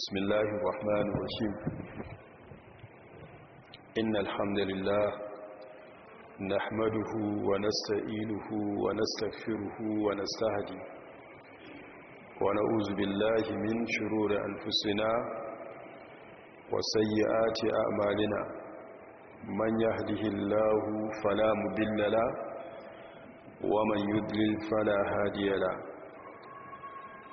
بسم الله الرحمن الرحيم إن الحمد لله نحمده ونستعينه ونستغفره ونستهدي ونعوذ بالله من شرور أنفسنا وسيئات أعمالنا من يهده الله فلا مضل له ومن يضلل فلا هادي له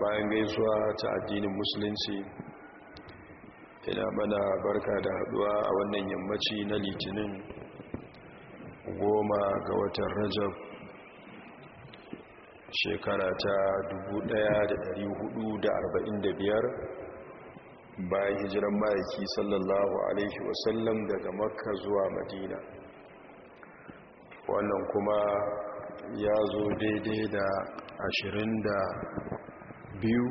bayan gaisuwa ta addinin musulunci ina mana barka da haduwa a wannan yammaci na litinin goma ga watan rajab shekara ta 1445 bayan hijiran ma'aiki sallallahu alaihi wasallam daga makka zuwa madina wannan kuma ya zo daidai da biyu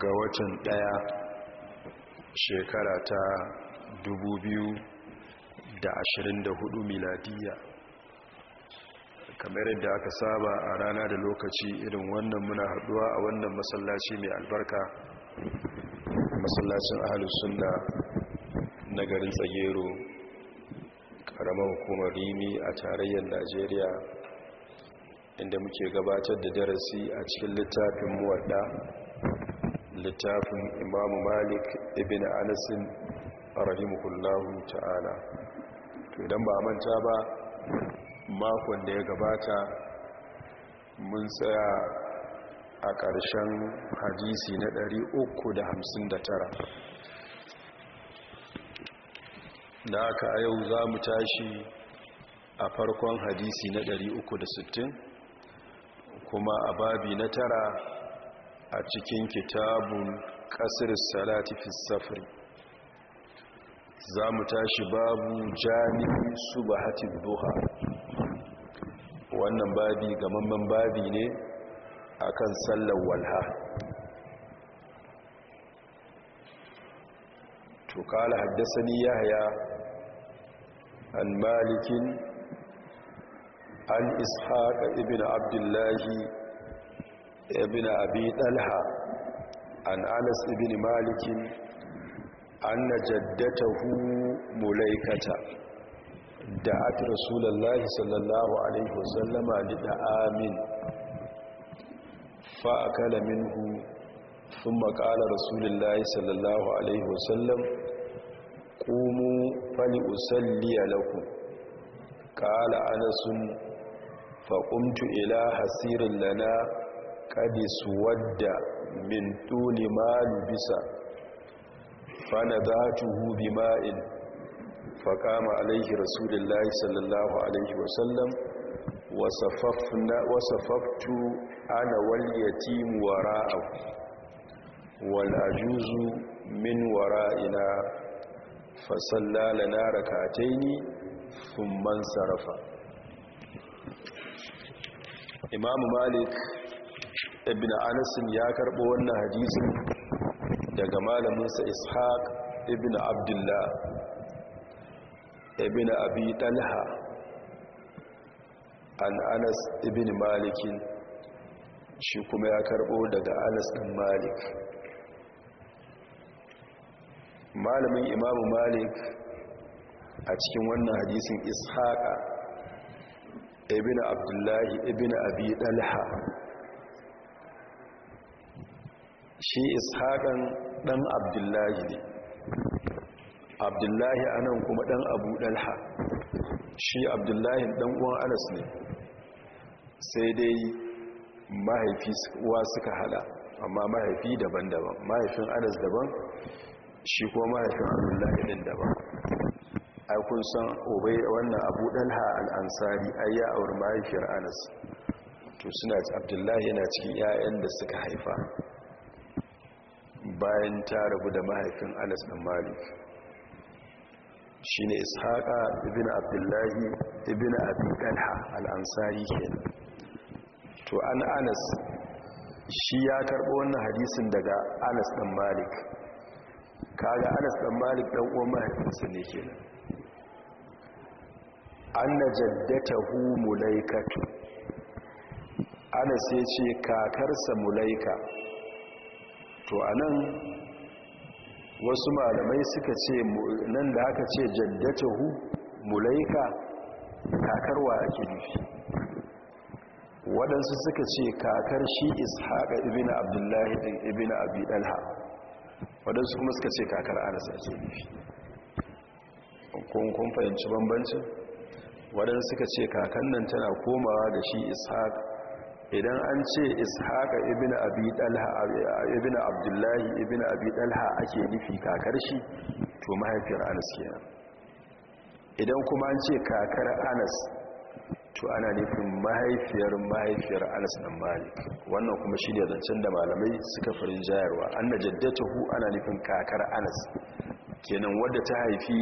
ga watan ɗaya shekara ta dubu biyu da ashirin da hudu miladiya kamar yadda aka saba a rana da lokaci irin wannan muna haduwa a wannan masallaci mai albarka masallacin ahalussun da na garin tsagero ƙaramin hukumar rimi a tarayyar najeriya inda muke gabatar da darasi a cikin littafin muwadda littafin imamu malik ibn anasin rahimahullahu ta'ala to idan ba manta ba makon da ya gabata mun tsaya a ƙarshen hadisi na 359 da aka yau za mu tashi a farkon hadisi na kuma a babi na tara a cikin kitabun ƙasar salati fi safari za mu tashi babu ba subahatin duha wannan babi gamamman babi ne kan sallar walha to kala haddasa ni yahya an malikin an ishaƙa Ibin abdullahi ibn abi ɗalha an anas ibn malikin an na jaddatahu mulaikata da aka rasulallah sallallahu alaihi wasallama da amin fa'akala minhu sun makala rasulullah sallallahu alaihi wasallam ƙumu fali usalliya lakum ƙala anasun faƙumtu ila hasirin lana kadis wadda min tuni malu bisa fana za tuhu bi ma'in faƙama alaihi rasulullahi sallallahu alaihi wasallam wasafaftu ana walyatim wara'ahu wal'ajuzu min wara'ina fasalla lana rakataini sun man sarrafa imamu malik ibn anasin ya karɓo wannan hadisun daga malaminsa ishaq ibn abdullah ibn abi talha an anas ibn malikin shi kuma ya karɓo daga anas ɗin malik malamin imamu malik a cikin wannan hadisin ishaqa ibn abdullahi ibn abi dalha shi ishaƙan dan abdullahi ne abdullahi anan kuma dan abu dalha shi abdullahi dan uwan anas ne sai dai mahaifi uwa suka hala amma mahaifi daban-daban mahaifin anas daban shi kuma mahaifin abdullahi ɗin daban ai kun san obai wannan abu dalha al'ansari ai ya auri mahaifiyar anas to suna abdullahi yana cikin 'ya'yan da suka haifa bayan ta rabu da mahaifin anas ɗan malik shi ne ishaƙa ibina abdullahi ibina abi dalha al'ansari ke. to an anas shi ya karɓo wannan hadisin daga anas ɗan malik kaga anas ɗan malik ɗan uwan mahaifinsa ne kenan anna jaddatahu mulaikatu anas sai ce kakarsa mulaika to anan wasu malamai suka ce nan da aka ce jaddatahu mulaika kakarwa ake nufi waɗansu suka ce kakar shi ishaƙa ibn abdullahi ibn abi waɗansu kuma suka ce kakar anas ake nufi kun fahimci bambancin waɗansu suka ce kakan nan tana komawa da shi ishaq idan an ce ishaq ibn abdullahi ibn abdullahi ibin ake nufi kakar shi to mahaifiyar anas kenan idan kuma an ce kakar anas to ana nufin mahaifiyar mahaifiyar anas dan malik wannan kuma shi ne zancen da malamai suka farin jayarwa an na hu ana nufin kakar anas kenan wadda ta haifi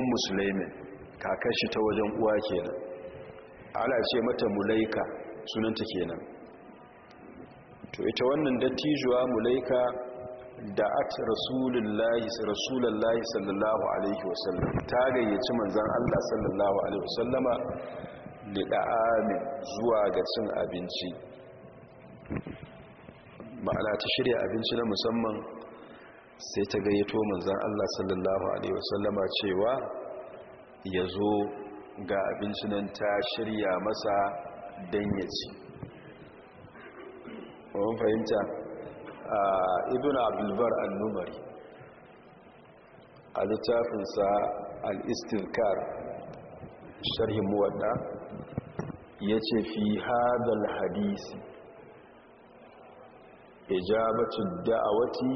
un sulaiman Kakashi ta wajen uwa kenan ala ce mata mulaika sunanta kenan to ita wannan dattijuwa mulaika da'at rasulullahi rasulullahi sallallahu alaihi wasallam ta gayyaci manzon Allah sallallahu alaihi wasallama li da'ami zuwa ga cin abinci ma'ana ta shirya abinci na musamman sai ta gayyato manzon Allah sallallahu alaihi wasallama cewa ya zo ga nan ta shirya masa don ya ci wani fahimta a ibn abdulbar annumari a littafinsa al-istinkar sharhin muwadda ya ce fi hadal hadisi ijabatu da'awati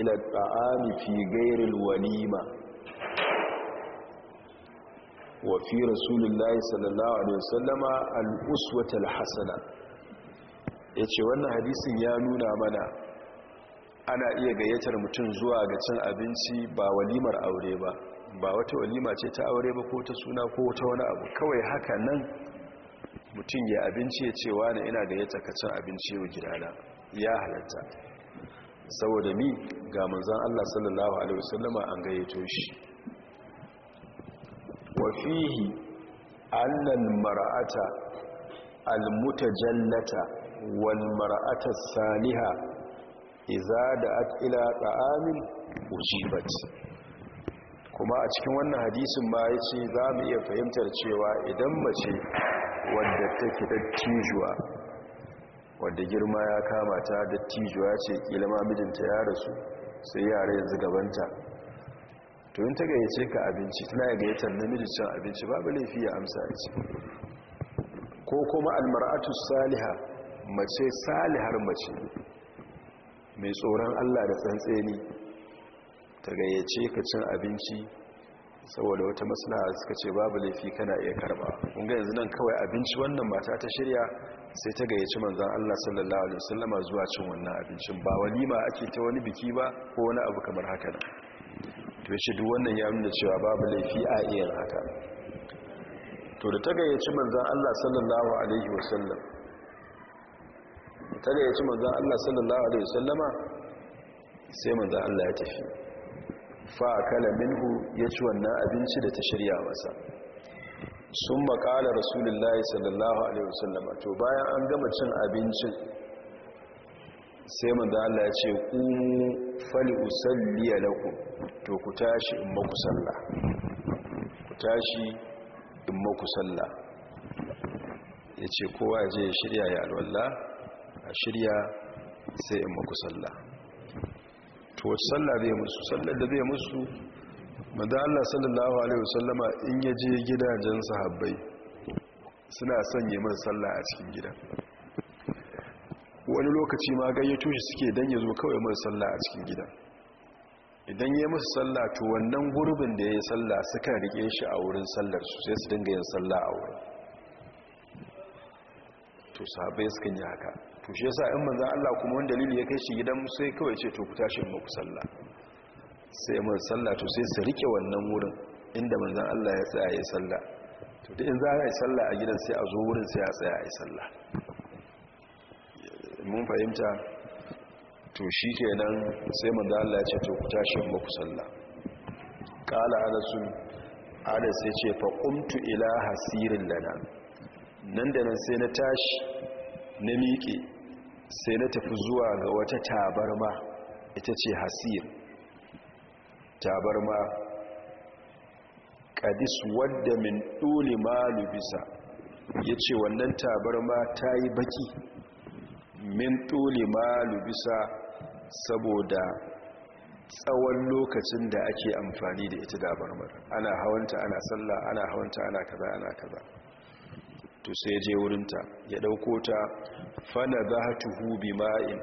ila ta'ami fi gairil walima wa fi rasulullahi sallallahu alaihi wasallama al-uswatul hasana yace wannan hadisin ya nuna mana ana iya gayyatar mutum zuwa ga cin abinci ba walimar aure ba ba wata walima ce ta aure ba ko ta suna ko ta wani abu kawai haka nan mutum ya abinci ya ce wani ina gayyata ka cin abinci yau gidana ya halatta saboda mi ga manzon Allah sallallahu alaihi an gayyato shi wafihi annan mara'ata almutajallata wal mara'ata saliha iza da ila ta'amin ujibat kuma a cikin wannan hadisin ba ya ce za mu iya fahimtar cewa idan mace wadda take dattijuwa wadda girma ya kama ta dattijuwa ce kila ma mijinta ya rasu sai yare yanzu gabanta to taga ta gayyace ka abinci tana gayyatar namiji cin abinci babu laifi ya amsa a ci ko kuma almar'atu saliha mace salihar mace mai tsoron Allah da tsantseni ta gayyace ka cin abinci saboda wata maslaha suka ce babu laifi kana iya karba ƙunga yanzu nan kawai abinci wannan mata ta shirya sai ta gayyaci manzan Allah sallallahu alaihi wasallama zuwa cin wannan abincin ba walima ake ta wani biki ba ko wani abu kamar haka nan to ya duk wannan ya nuna cewa babu laifi a iya haka to da ta gayyaci manzan Allah sallallahu alaihi wasallam ta gayyaci manzan Allah sallallahu alaihi wasallama sai manzan Allah ya tafi fa kala minhu ya ci wannan abinci da ta shirya masa sun makala rasulullahi sallallahu alaihi wasallama to bayan an gama cin abincin sai manzo Allah ya ce qumu fali usalli lakum to ku tashi in ku sallah ku tashi in maku sallah yace kowa je ya shirya ya alwala a shirya sai in ku sallah to sallah zai musu sallar da zai musu manzo Allah sallallahu alaihi wasallama in yaje gidajen sahabbai suna sanye man sallah a cikin gidan wani lokaci ma gayyato shi suke dan ya zo kawai masa sallah a cikin gida idan ya musu sallah to wannan gurbin da ya yi sallah suka rike shi a wurin sallar su sai su dinga yin sallah a wurin to sahabbai suka yi haka to shi yasa in manzon Allah kuma wani dalili ya kai shi gidan musu sai kawai ce to ku tashi mu ku sallah sai musu sallah to sai su rike wannan wurin inda manzon Allah ya tsaya ya sallah to duk in za a yi sallah a gidan sai a zo wurin sai a tsaya a yi sallah mun fahimta to shi ke nan sai manzo Allah ya ce to ku tashi ba ku salla qala anasun ada sai ce fa qumtu ila hasirin lana nan da nan sai na tashi na miƙe sai na tafi zuwa ga wata tabarma ita ce hasir tabarma kadis wadda min dole malu bisa. ya ce wannan tabarma ta yi baki min tuli ma lubisa saboda tsawon lokacin da ake amfani da ita da barbar ana hawanta ana sallah ana hawanta ana kaza ana kaza to sai je wurinta ya dauko ta fana bi ma'in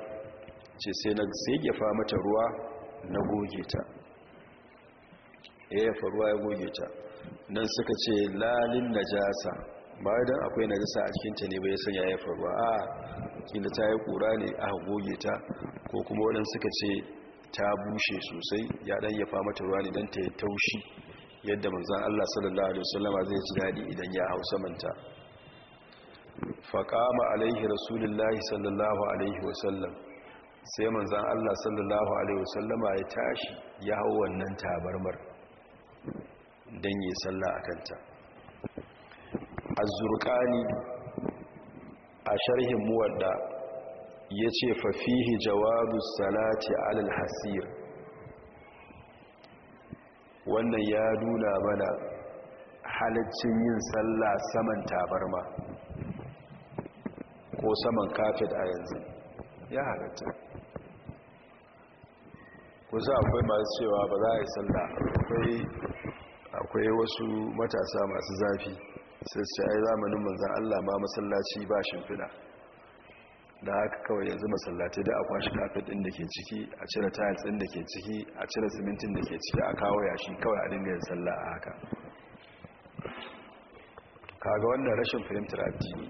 ce sai na fa mata ruwa na goge ta eh, fa ruwa ya goge ta nan suka ce lalin najasa ba dan akwai najasa a cikin ta ne bai sanya yi faruwa a kila ta yi kura ne aka goge ta ko kuma waɗansu suka ce ta bushe sosai ya ɗan yafa mata ruwa ne don ta yi taushi yadda manzan Allah sallallahu Alaihi wasallama zai ci daɗi idan ya hau samanta faƙama alaihi rasulullahi sallallahu Alaihi wasallam sai manzan Allah sallallahu Alaihi wasallama ya tashi ya hau wannan tabarmar don yi sallah a kanta azzurkani a sharhin muwadda ya ce fafihi jawabu salati alal hasir wannan ya nuna mana halaccin yin sallah saman tabarma ko saman kafet a yanzu ya halatta ku za akwai masu cewa ba za a yi sallah akwai wasu matasa masu zafi sai su ai zamanin manzan Allah ma masallaci ba shimfiɗa da haka kawai yanzu masallaci da a shi kafin ɗin da ke ciki a cire tiles ɗin da ke ciki a cire simintin da ke ciki a kawo yashi kawai a dinga yin sallah a haka kaga wannan rashin fahimtar addini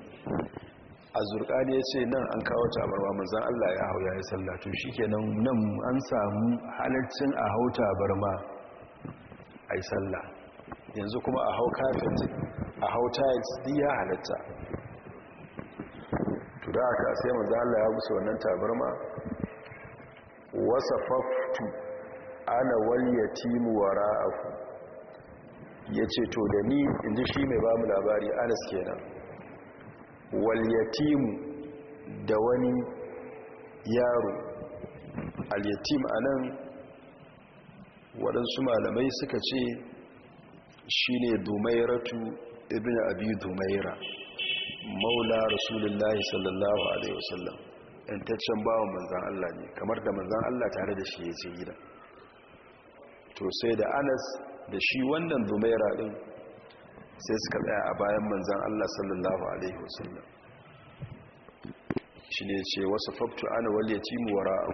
azurkani ya ce nan an kawo tabarwa manzan Allah ya hau ya yi sallatu shi kenan nan an samu halarcin a hau tabarma a yi sallah yanzu kuma a hau kafet a hau tiles din ya halatta to da aka sai mazala Allah ya gusa wannan tabarma wasafaftu ana wal yatimu Ya ce to da ni inji shi mai ba mu labari Anas kenan wal da wani yaro al anan waɗansu malamai suka ce shi ne shine ratu. ibn abi dumaira maula rasulullahi sallallahu alaihi wasallam yantaccen bawan manzan Allah ne kamar da manzan Allah tare da shi ya gida to sai da anas da shi wannan dumaira din sai suka tsaya a bayan manzan Allah sallallahu alaihi wasallam shi ne ce wasu faktu ana wal yatimu wara'u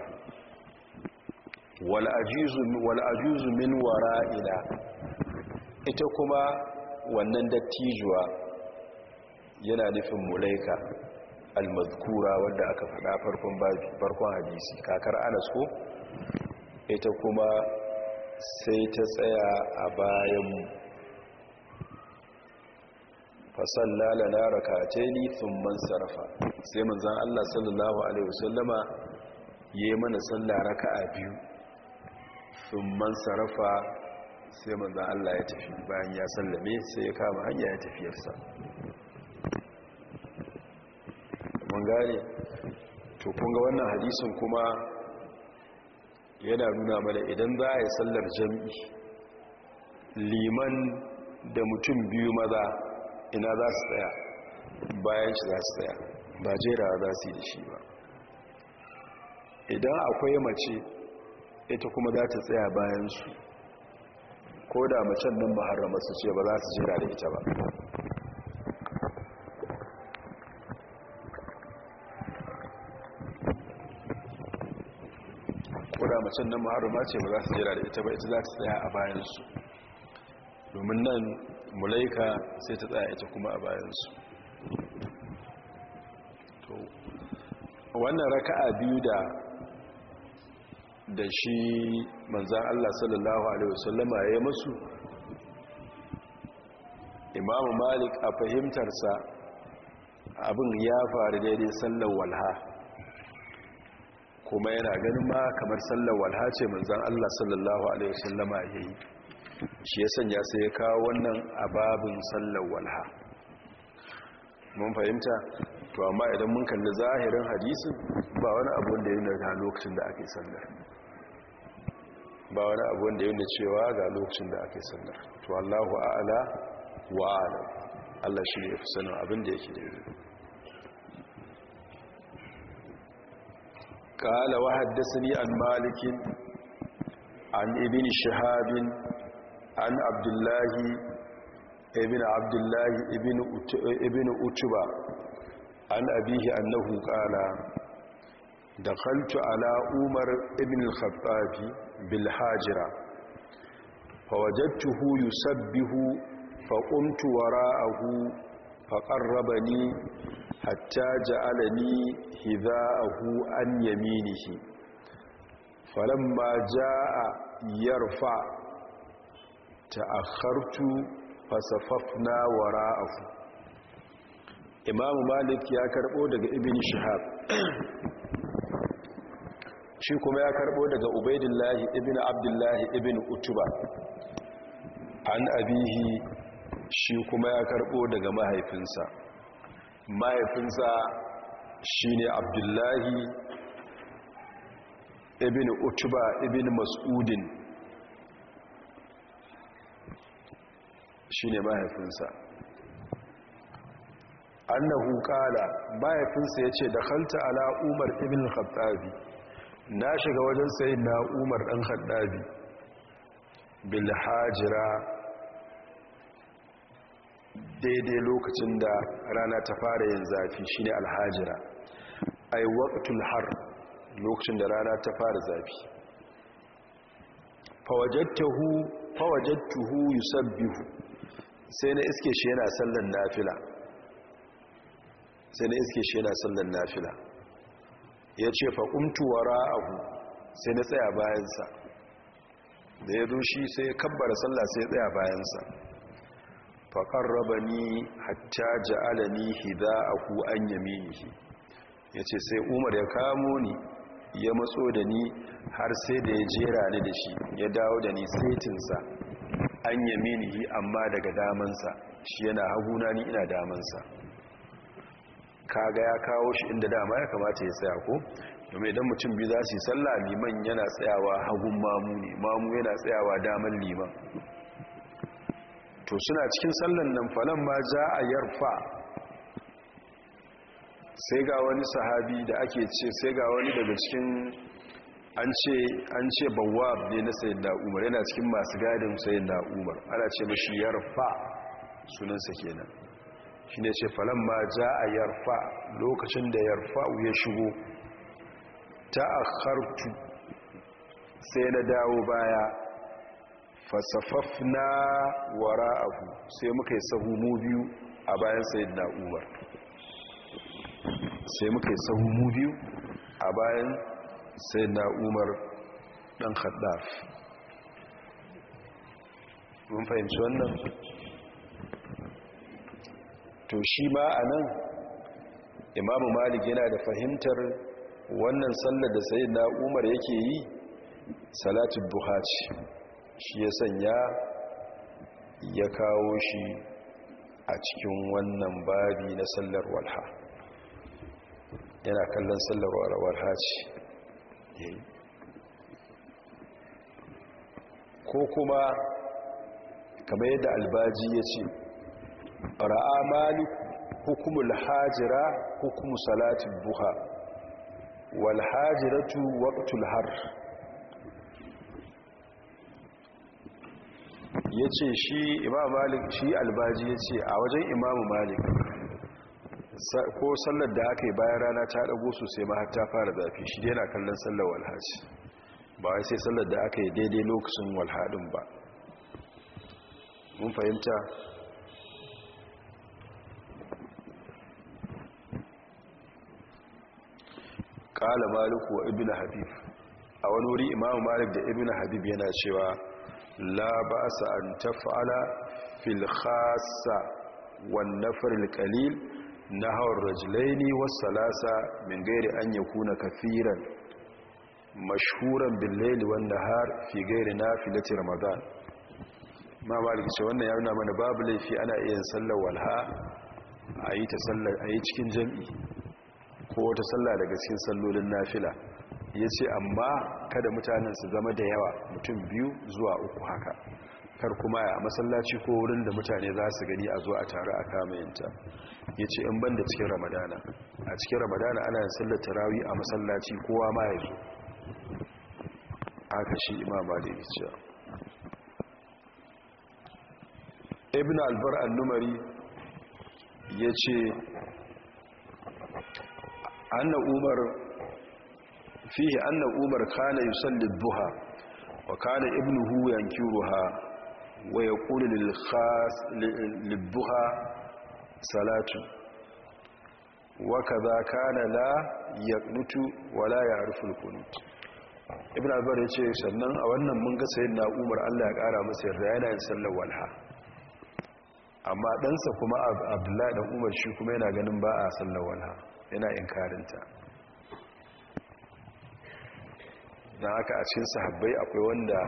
wal ajizu wal ajizu min wara'ida ita kuma wannan dattijuwa yana nufin mulaika almazkura wadda aka faɗa farkon farkon hadisi kakar anas ko ita kuma sai ta tsaya a bayan fasalla lana sun man sarrafa sai zan Allah sallallahu alaihi wasallama yi mana ka a biyu man sarrafa sai manzan Allah ya tafi bayan ya sallame sai ya kama hanya ya tafiyarsa mun gane to kun ga wannan hadisin kuma yana nuna mana idan za a yi sallar jam'i liman da mutum biyu maza ina za su tsaya bayan shi za su tsaya ba jera za su yi da shi ba idan akwai mace ita kuma za ta tsaya bayan su ko da macen nan maharrama su ce ba za su jira da ita ba ko da macen nan maharrama ce ba za su jira da ita ba ita za ta tsaya a bayansu domin nan mulaika sai ta tsaya ita kuma a bayansu wannan raka'a biyu da da shi manzan Allah sallallahu Alaihi wasallama ya yi masu imamu malik a fahimtarsa abin ya faru daidai sallar walha kuma yana ganin ma kamar sallar walha ce manzan Allah sallallahu Alaihi wasallama ya yi shi ya sanya sai ya kawo wannan ababin sallar walha mun fahimta to amma idan mun kalli zahirin hadisin ba wani abu da yi na lokacin da ake sallar ba wani abu wanda yana cewa ga lokacin da ake sallar to Allahu a'ala wa ala Allah shi ne fi sanin abin da yake da قال wa عن مالك عن ابن شهاب عن عبد الله ابن عبد الله ابن utuba an abihi annahu أنه قال دخلت على عمر ابن الخطاب bilhajira fawajattuhu yusabbihu faqumtu wara'ahu ni, hatta ja'alani hidha'ahu an yaminihi falamma a yarfa ta ta'akhartu fasafafna wara'ahu imam malik ya karɓo daga ibn shihab shi kuma ya karbo daga ubaidillahi ibn abdullahi ibn utuba an abihi shi kuma ya karbo daga mahaifinsa mahaifinsa shine abdullahi ibn utuba ibn mas'udin shine mahaifinsa annahu qala mahaifinsa yace dakhalta ala umar ibn khattabi na shiga wajen sai na umar ɗan haɗabi bilhajira daidai lokacin da rana ta fara yin zafi shi ne alhajira ai waƙatul har lokacin da rana ta fara zafi fawajattuhu yusabbihu sai na iske shi yana sallan nafila sai na iske shi yana sallan nafila ya ce faƙumtu Ra'ahu sai na tsaya bayansa da ya shi sai ya kabbara sallah sai ya tsaya bayansa faƙarraba ni hatta a ku an yaminihi ya ce sai umar ya kamo ni ya matso da ni har sai da ya jera ni da shi ya dawo da ni setinsa an yaminihi amma daga damansa shi yana hagu na ni ina damansa kaga ya kawo shi inda dama ya kamata ya tsaya ko domin idan mutum biyu za su yi sallah liman yana tsayawa hagun mamu ne mamu yana tsayawa damar liman to suna cikin sallan nan falon ma za a yarfa sai ga wani sahabi da ake ce sai ga wani daga cikin an ce bawa ne na sayin umar yana cikin masu gadin sayin umar ana ce mashi yarfa sunansa kenan shi ne ce falamma za a yarfa lokacin da yarfa ya shigo ta a akhartu sai na dawo baya fasafafna abu sai muka yi sahu mu biyu a bayan na umar sai muka yi sahu mu biyu a bayan na umar dan khaddaf mun fahimci wannan to shi ma a nan imamu malik yana da fahimtar wannan sallar da sayi na umar yake yi salatun duha shi ya sanya ya kawo shi a cikin wannan babi na sallar walha yana kallon sallar walha ce eh. ko kuma kamar yadda albaji ya ce ra'a malik hukumul hajira hukumu salatin duha wal hajiratu waqtul har yace shi imam malik shi albaji yace a wajen imam malik ko sallar da aka yi bayan rana ta dago sosai ma har ta fara zafi shi yana kallon sallar walhaji ba sai sallar da aka yi daidai lokacin walhadin ba mun fahimta ƙala maliku wa ibn habib a wani wuri imam malik da ibn habib yana cewa la ba sa an tafa'ala fil khassa wan nafar qalil nahawar rajulaini was salasa min gairi an yakuna kafiran mashhuran bil layli wan nahar fi gairi nafilati ramadan ma malik ce wannan ya nuna mana babu laifi ana iya sallar walha a yi ta sallar cikin jami'i ko wata sallah daga cikin sallolin nafila ya ce amma kada mutanen su zama da yawa mutum biyu zuwa uku haka kar kuma a masallaci ko wurin da mutane za su gani a zuwa a tare a kamayinta ya ce in ban da cikin ramadana a cikin ramadana ana yin sallar tarawi a masallaci kowa ma ya zo Aka shi imama da ya ibn albar al-numari ya ce anna umar fihi anna umar kana yusalli duha wa kana ibnuhu yankiruha wa yaqulu lil khas lil duha salatu wa kaza kana la yaqnutu wa la ya'rifu al qunut ibn abbar ya ce sannan a wannan mun ga yin na umar allah ya kara masa yarda yana yin sallar walha amma sa kuma abdullahi dan umar shi kuma yana ganin ba a sallar walha yana inkarinta don haka a cikin sahabbai akwai wanda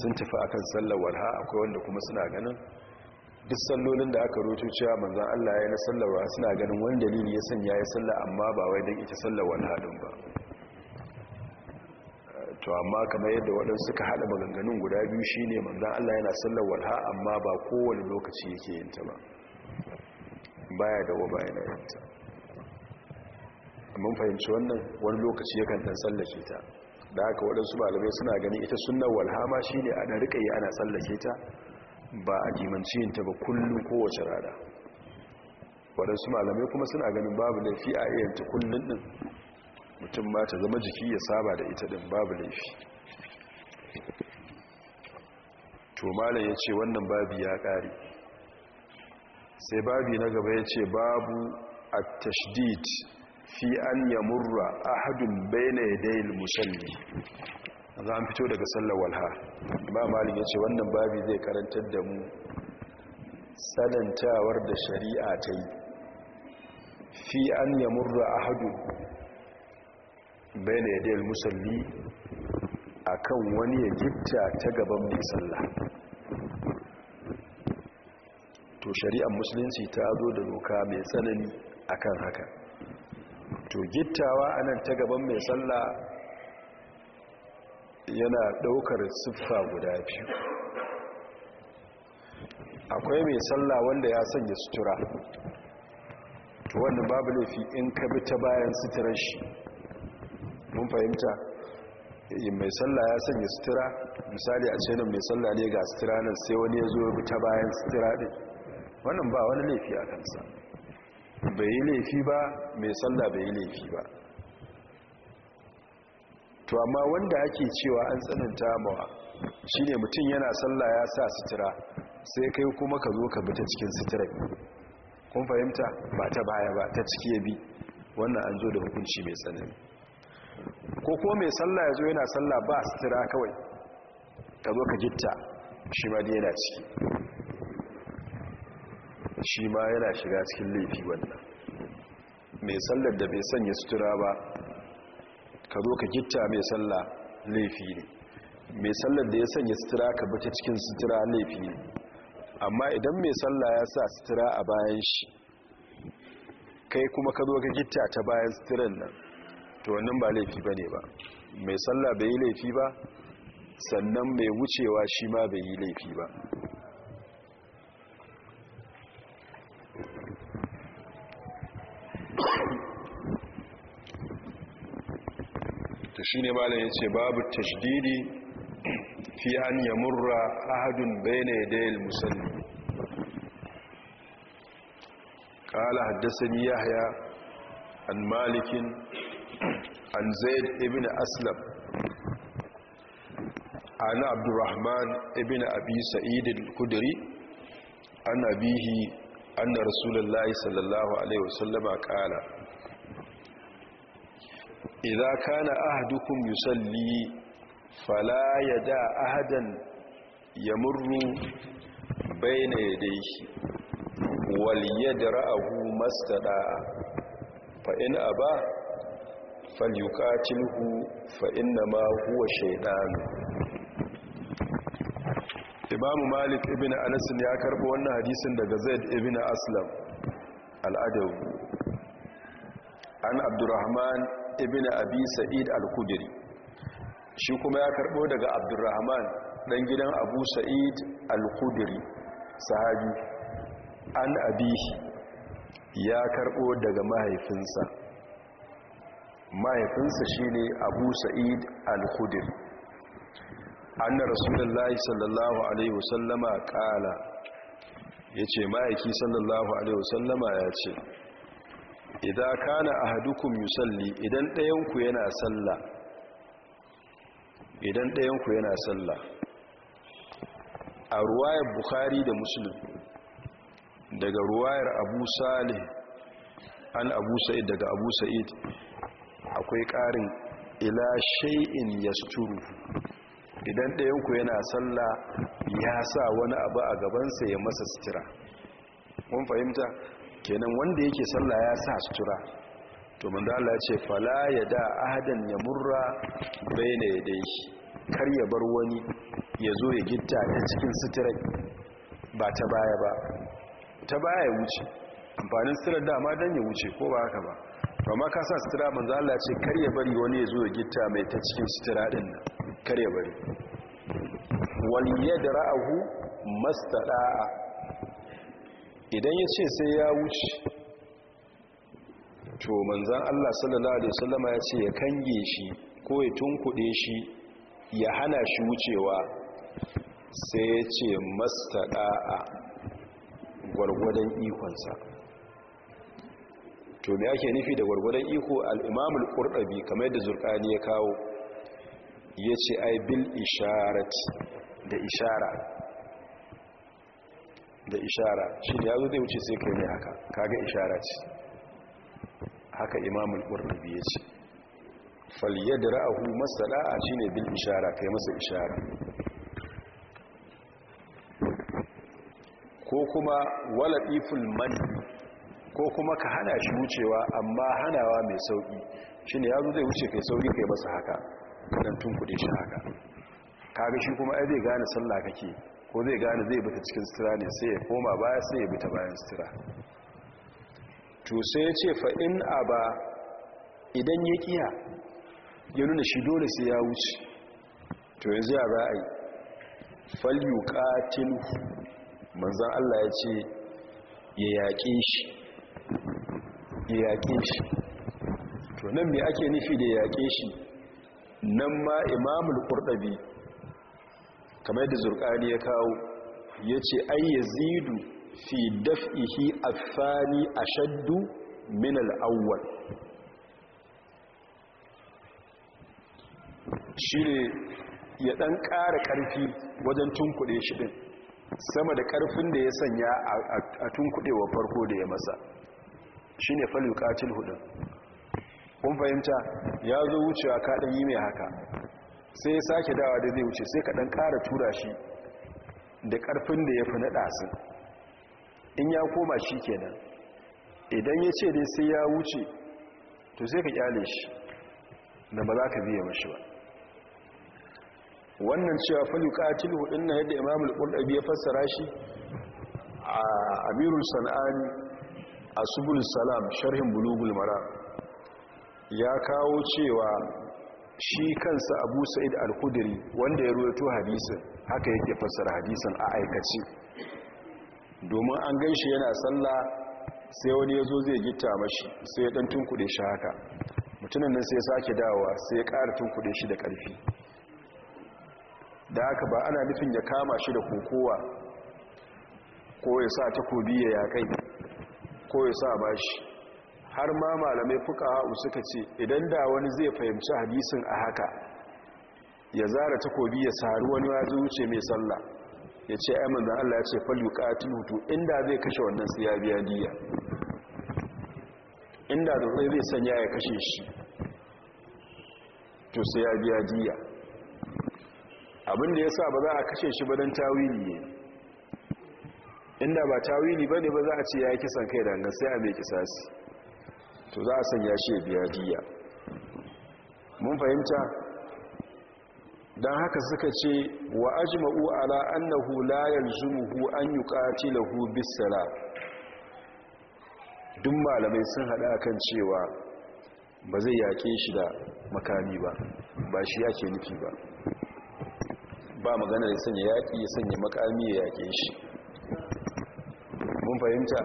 sun tafi akan sallar walha akwai wanda kuma suna ganin duk sallolin da aka roto cewa manzan Allah ya yi na sallar walha suna ganin wani dalili ya sanya ya sallar amma ba wai don ita sallar walha din ba to amma kamar yadda waɗansu suka haɗa maganganun guda biyu shi ne manzan Allah yana sallar walha amma ba kowane lokaci yake yinta ba baya da wa na yanta mun fahimci wannan wani lokaci yakan dan tsallake ta da haka waɗansu malamai suna gani ita sunnar walhama shine a dan yi ana tsallake ta ba a yin ta ba kullum kowace rada. waɗansu malamai kuma suna ganin babu laifi a yayin ta kullum din mutum ma ta zama jiki ya saba da ita din babu laifi to malam ya ce wannan babu ya ƙare sai babi na gaba ya ce babu a tashdid fi an yamurra ahadun bayna yadayil musalli za an fito daga sallar walha ba malin ce wannan babi zai karantar da mu sanantawar da shari'a ta yi fi an yamurra ahadun bayna yadayil musalli akan wani ya gitta ta gaban mai sallah to shari'ar musulunci ta zo da doka mai tsanani akan haka to gittawa a nan ta gaban mai sallah yana ɗaukar siffa guda biyu akwai mai sallah wanda ya sanya sutura to wannan babu laifi in ka bi ta bayan suturar shi mun fahimta eh, mai sallah ya sanya sutura misali a cenin mai sallah ne ga sutura nan sai wani ya zo bi ta bayan sutura ɗin wannan ba wani laifi a kansa bai yi laifi ba mai sallah bai yi laifi ba to amma wanda ake cewa an tsananta mawa shi ne mutum yana sallah ya sa sutura sai kai kuma ka zo ka bi ta cikin sutura kun fahimta ba ta baya ba ta ciki ya bi wannan an zo da hukunci mai tsanani ko ko mai sallah ya zo yana sallah ba sutura kawai ka zo ka gitta shi ma yana ciki shi ma yana shiga cikin laifi wannan mai sallar da bai sanya sutura ba ka zo ka gitta mai sallah laifi ne mai sallar da ya sanya sutura ka bata cikin sutura laifi ne amma idan mai sallah ya sa sutura a bayan shi kai kuma ka zo ka gitta ta bayan suturan nan to wannan ba laifi ba ne ba mai sallah bai yi laifi ba sannan mai wucewa shi ma bai yi laifi ba ta shi ne malin ya ce babu tashdidi fi an murra ahadun bane da yin musulmi ƙala haddasa ni yahya an malikin an zaid ibina aslam ana abdurrahman ibn abi sa'id al-kudri ana bihi anna rasulullahi sallallahu alaihi wasallama qala idza kana ahadukum yusalli fala da ahadan yamurru bayna yadayhi wal yadra'ahu fain fa in aba falyuqatilhu fa ma huwa shaytanu imam malik ibn anas ya karɓi wannan hadisin daga zaid ibn aslam al-adaw an abdurrahman ibn abi sa'id al-kudri shi kuma ya karɓo daga abdurrahman dan gidan abu sa'id al-kudri sahabi an abihi ya karɓo daga mahaifinsa mahaifinsa shine abu sa'id al-kudri annar rasulullahi sallallahu alaihi wasallama kala ya ce ma'aiki sallallahu alaihi wasallama ya ce idan kana ahadukum yusalli idan ɗayanku yana sallah idan ɗayanku yana sallah a ruwayar bukhari da muslim daga ruwayar abu salih an abu sa'id daga abu sa'id akwai ƙarin ila shay'in yasturuhu idan ɗayanku yana sallah ya sa wani abu a gabansa ya masa sutura mun fahimta kenan wanda yake sallah ya sa sutura to manzo Allah ya ce fala da ahadan murra baina dai kar ya bar wani ya zo ya gitta ta cikin sutura ba ta baya ba ta baya ya wuce amfanin sutura dama dan ya wuce ko ba haka ba amma ka sa sutura manzo Allah ce kar ya bari wani ya zo ya gitta mai ta cikin sutura din kar ya bari wal yadra'ahu mastada'a idan ya ce sai ya wuce to manzan Allah sallallahu alaihi wasallama ya ce ya kange shi ko ya tunkuɗe shi ya hana shi wucewa sai ya ce mastada'a gwargwadon ikonsa to me ake nufi da gwargwadon iko al ƙurɗabi kamar yadda zurqani ya kawo ya ce ai bil isharat da ishara da ishara shi ya zo zai wuce sai kai mai haka kaga ishara ce haka imamul al ya ce fal yadrahu masala'a shine bil ishara kai masa ishara ko kuma wala man ko kuma ka hana shi wucewa amma hanawa mai sauƙi shi ne yaro zai wuce kai sauri kai masa haka don tunkuɗe shi haka kaga shi kuma ai zai gane sallah kake ko zai gane zai bita cikin sutura ne sai ya koma baya sai ya bita bayan sutura to sai ya ce fa in aba idan ya kiya ya nuna shi dole sai ya wuce to yanzu ya za a yi falyu manzan Allah ya ce ya yaƙe shi ya yaƙe shi to nan mai ake nufi da yaƙe shi nan ma imamul ƙurɗabi kamar da zurƙani ya kawo ya ce ai yazidu fi daf'ihi afani ashaddu min al-awwal shine ya ɗan ƙara ƙarfi wajen kuɗe shi ɗin sama da ƙarfin da ya sanya a wa farko da ya masa shi ne falukatil hudun kun fahimta ya zo wucewa kaɗan yi mai haka sai ya sake dawa da zai wuce sai kaɗan ƙara tura shi da ƙarfin da ya fi naɗa su in ya koma shi kenan idan ya ce dai sai ya wuce to sai ka ƙyale shi da ba za ka biya mashi ba wannan cewa falukatil hudun na yadda imamul ƙulɗabi ya fassara shi a amirul sana'ani a subul salam sharhin bulugul mara ya kawo cewa shi kansa abu sa'id al-kudiri wanda ya ruwato hadisun haka yake fassara hadisun a aikace domin an gan shi yana sallah sai wani ya zo zai gita mashi sai ya dan tunkuɗe shi haka mutumin nan sai ya sake dawa sai ya ƙara tunkuɗe shi da ƙarfi da haka ba ana nufin ya kama shi da kokowa ko ya sa takobi ya yaƙai ko ya sa ba shi har ma malamai fuka suka ce idan da wani zai fahimci hadisin a haka ya zara takobi ya sari wani ya zuce mai sallah ya ce ai manzan Allah ya ce fal yuqatilu to inda zai kashe wannan siya ya biya diya inda da zai sanya ya kashe shi to siya ya biya diya abinda ya sa ba za a kashe shi ba don tawili ne inda ba tawili bane ba za a ce ya yi kisan kai da sai a mai kisasi to za a sanya shi ya biya diya mun fahimta don haka suka ce wa ajma'u ala annahu la yalzumuhu an da hu bisara duk malamai sun hada kan cewa ba zai yake shi da makami ba ba shi yake nufi ba ba maganar da sanya yaƙi ya sanya makami ya yaƙe shi kun fahimta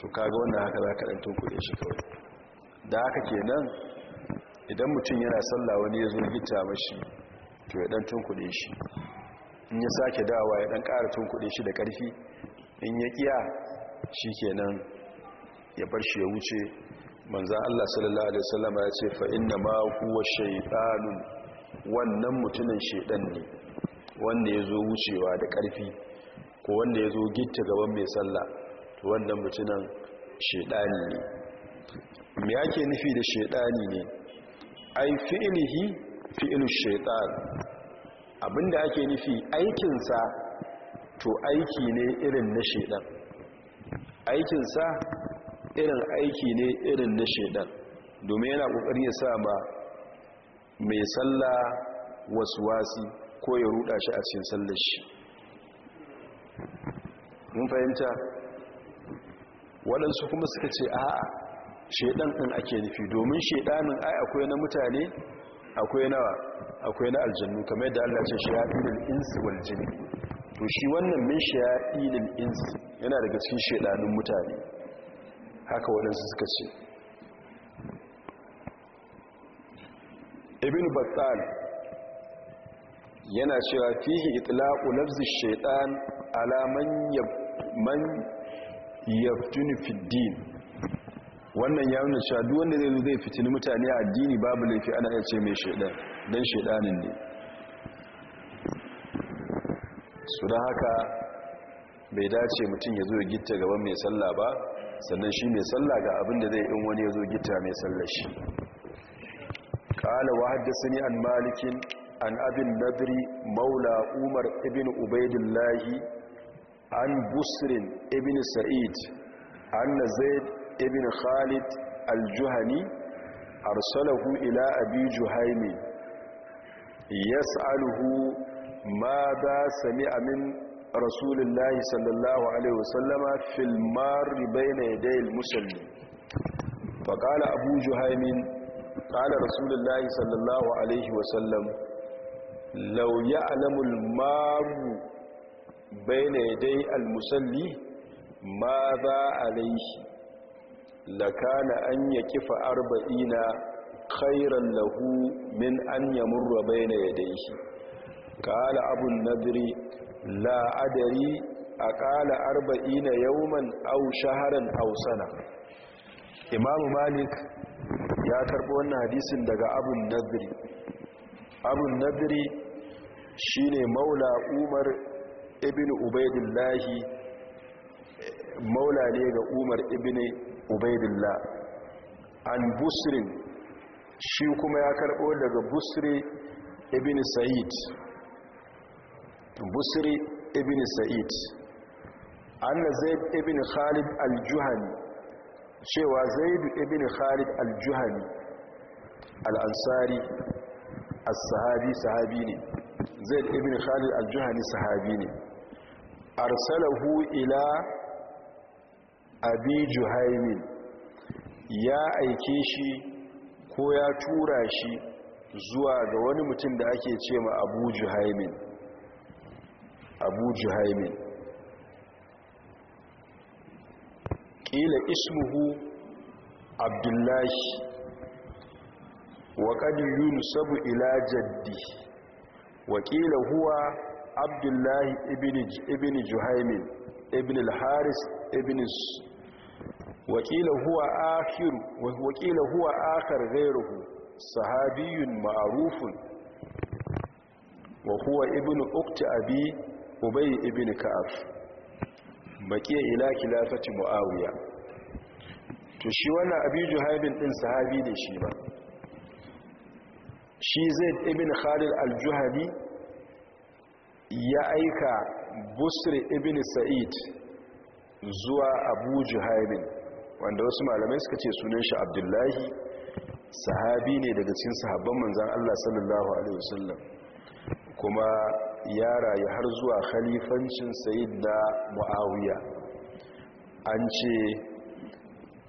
to kaga wannan haka za ka ɗanto kuɗe shi kawai da haka kenan idan mutum yana sallah wani ya zo gita mashi to ya ɗan kuɗe shi in ya sake dawa ya ɗan ƙara kuɗe shi da ƙarfi in ya ƙiya shi kenan ya bar shi ya wuce manzan Allah sallallahu Alaihi wasallama ya ce fa inna ma kuwa shaiɗanun wannan mutumin shaiɗan ne wanda ya zo wucewa da ƙarfi ko wanda ya zo gitta gaban mai sallah wannan mutunan shaidani ne me yake nufi da shaidani ne ai fi'ilihi fi'ilu shaidan abinda ake nufi aikinsa to aiki ne irin na shaidan aikinsa irin aiki ne irin na shaidan domin yana kokari ya sa ba mai sallah wasi ko ya ruda shi a cikin sallar mun fahimta waɗansu kuma suka ce a'a shaidan ɗin ake nufi domin shaidanin ai akwai na mutane akwai na akwai na aljannu kamar yadda Allah ce shayatinul insi wal jinni to shi wannan min shayatinul insi yana daga cikin shaidanin mutane haka waɗansu suka ce ibn battal yana cewa fihi itlaqu lafzi shaiɗan ala man yaftuni fiddin wannan ya nuna cewa duk wanda zai zai fitini mutane a addini babu laifi ana iya ce mai shaidan dan shaidanin ne su da haka bai dace mutum ya zo gitta gaban mai sallah ba sannan shi mai sallah ga abin da zai in wani ya zo gita mai sallah shi kala wa ni an malikin an abin nadri maula umar ibn Ubaidullahi. an busrin Ibin sa'id anna zaid Ibin khalid al-juhani arsalahu ila abi juhaimi yas'aluhu ma da sami'a min rasulullahi sallallahu alaihi wasallama fil marri bayna yaday al-musalli faqala abu juhaimin qala rasulullahi sallallahu alaihi wasallam law ya'lamu al-marru baina yadai almusalli ma za alaihi lakana an yakifa arba'ina khairan lahu min an yamurra baina yadayhi qala abu nadri la adri aqala arba'ina yawman aw shahran aw sana imam malik ya karbo wannan hadisin daga abu nadri abu nadri shine maula umar ibn ubaidillahi maula ne ga umar ibn ubaidillah an busrin shi kuma ya karɓo daga busri ibn sa'id busri ibn sa'id anna zaid ibn khalid al-juhani cewa zaid ibn khalid al-juhani al-ansari as-sahabi sahabi ne zaid ibn khalid al-juhani sahabi ne arsalahu ila abi juhaimin ya aike shi ko ya tura shi zuwa ga wani mutum da ake ce ma abu juhaimin abu juhaimin ƙila ismuhu abdullahi wa ƙadin yunusabu ila jaddi wa ƙila huwa abdullahi ibn juhaimin ibn al-haris ibn wakila huwa akhiru wakila huwa akhar ghayruhu sahabiyyun ma'rufun wa huwa ibn ukti abi ubay ibn ka'ab baki ila khilafati muawiya to shi wannan abi juhaibin din sahabi ne shi ba shi zaid ibn khalid al-juhani ya aika busri ibn sa'id zuwa abu Hamin, wanda wasu malamai suka ce sunan shi abdullahi sahabi ne daga cikin sahabban manzan allah sallallahu alaihi wasallam kuma ya rayu har zuwa khalifancin Said da mu'awiya an ce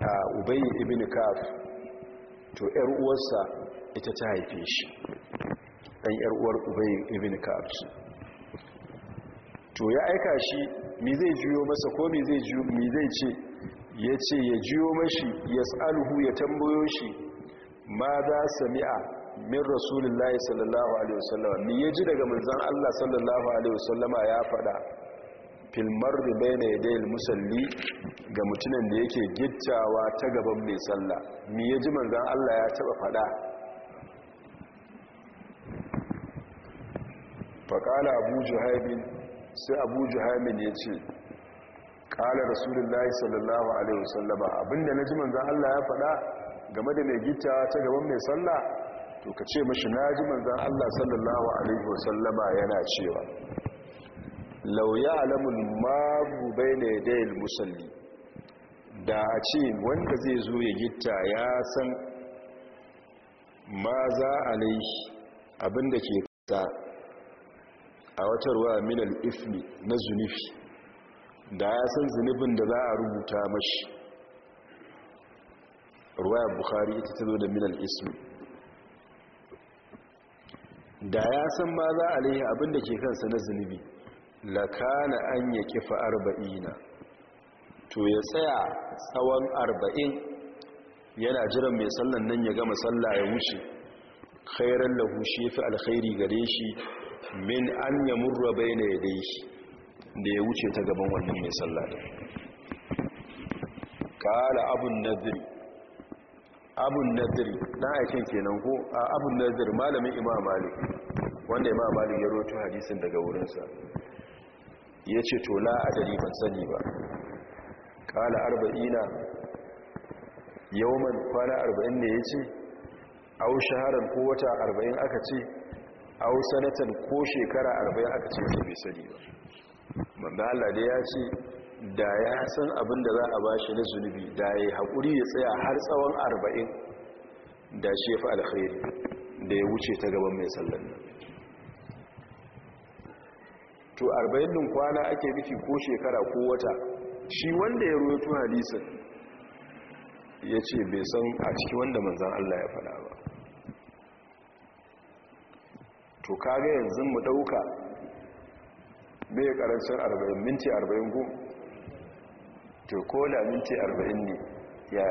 a ubayi ibn kaf to 'yar uwarsa ita ta haife shi ɗan 'yar uwar ubayi ibn kaf to ya aika shi mi zai juyo masa ko mi zai juyo mi zai ce ya ce ya juyo mashi ya tsalhu ya tambayo shi ma za sami'a min rasulullahi sallallahu alaihi wasallama mi ya ji daga manzan Allah sallallahu alaihi wasallama ya faɗa filmar da baina ya dayil musalli ga mutunan da yake gittawa ta gaban mai sallah mi ya ji manzan Allah ya taɓa faɗa faƙala abu juhaibin sai abu juhamin ya ce ƙala rasulullahi sallallahu alaihi wasallama abinda na ji manzan allah ya faɗa game da mai gita ta gaban mai sallah to ka ce mashi na ji manzan allah sallallahu alaihi wasallama yana cewa lauya alamun mabu bai na yadayil musalli da a ce wanda zai zo ya gita ya san ma za a abinda ke ta a wata ruwa minal ismi na zunubi, da ya san zunubin da za a rubuta mashi ruwayar bukhari ita ta zo da minal ismi da ya san ma za a abin abinda ke kansa na zunubi lakana an ya kifa arba'ina to ya tsaya tsawon arba'in yana jiran mai sallan nan ya gama salla ya wuce khairan lahu shi fi alkhairi gare shi min an ya murra bai na ya dai da ya wuce ta gaban wannan mai sallada da kala abun nadiri abun nadiri na aikin kenan ko a abun nadiri malamin imam malik wanda imam malik ya roto hadisin daga wurinsa ya ce to la adari ban sani ba kala arba'ina yawon kwana arba'in ne ya ce A au shaharar ko wata arba'in aka ce au sanatan ko shekara arba'in aka ce su bai sani ba manda Allah dai ya ce da ya san abin da za a bashi na zunubi da ya haƙuri ya tsaya har tsawon arba'in da shi ya alkhairi da ya wuce ta gaban mai sallan nan to arba'in din kwana ake biki ko shekara ko wata shi wanda ya ruwaito hadisan ya ce bai san a ciki wanda manzan Allah ya faɗa ba to kaga yanzu mu dauka bai karancin 40 minti 40 gu to ko da minti 40 ne ya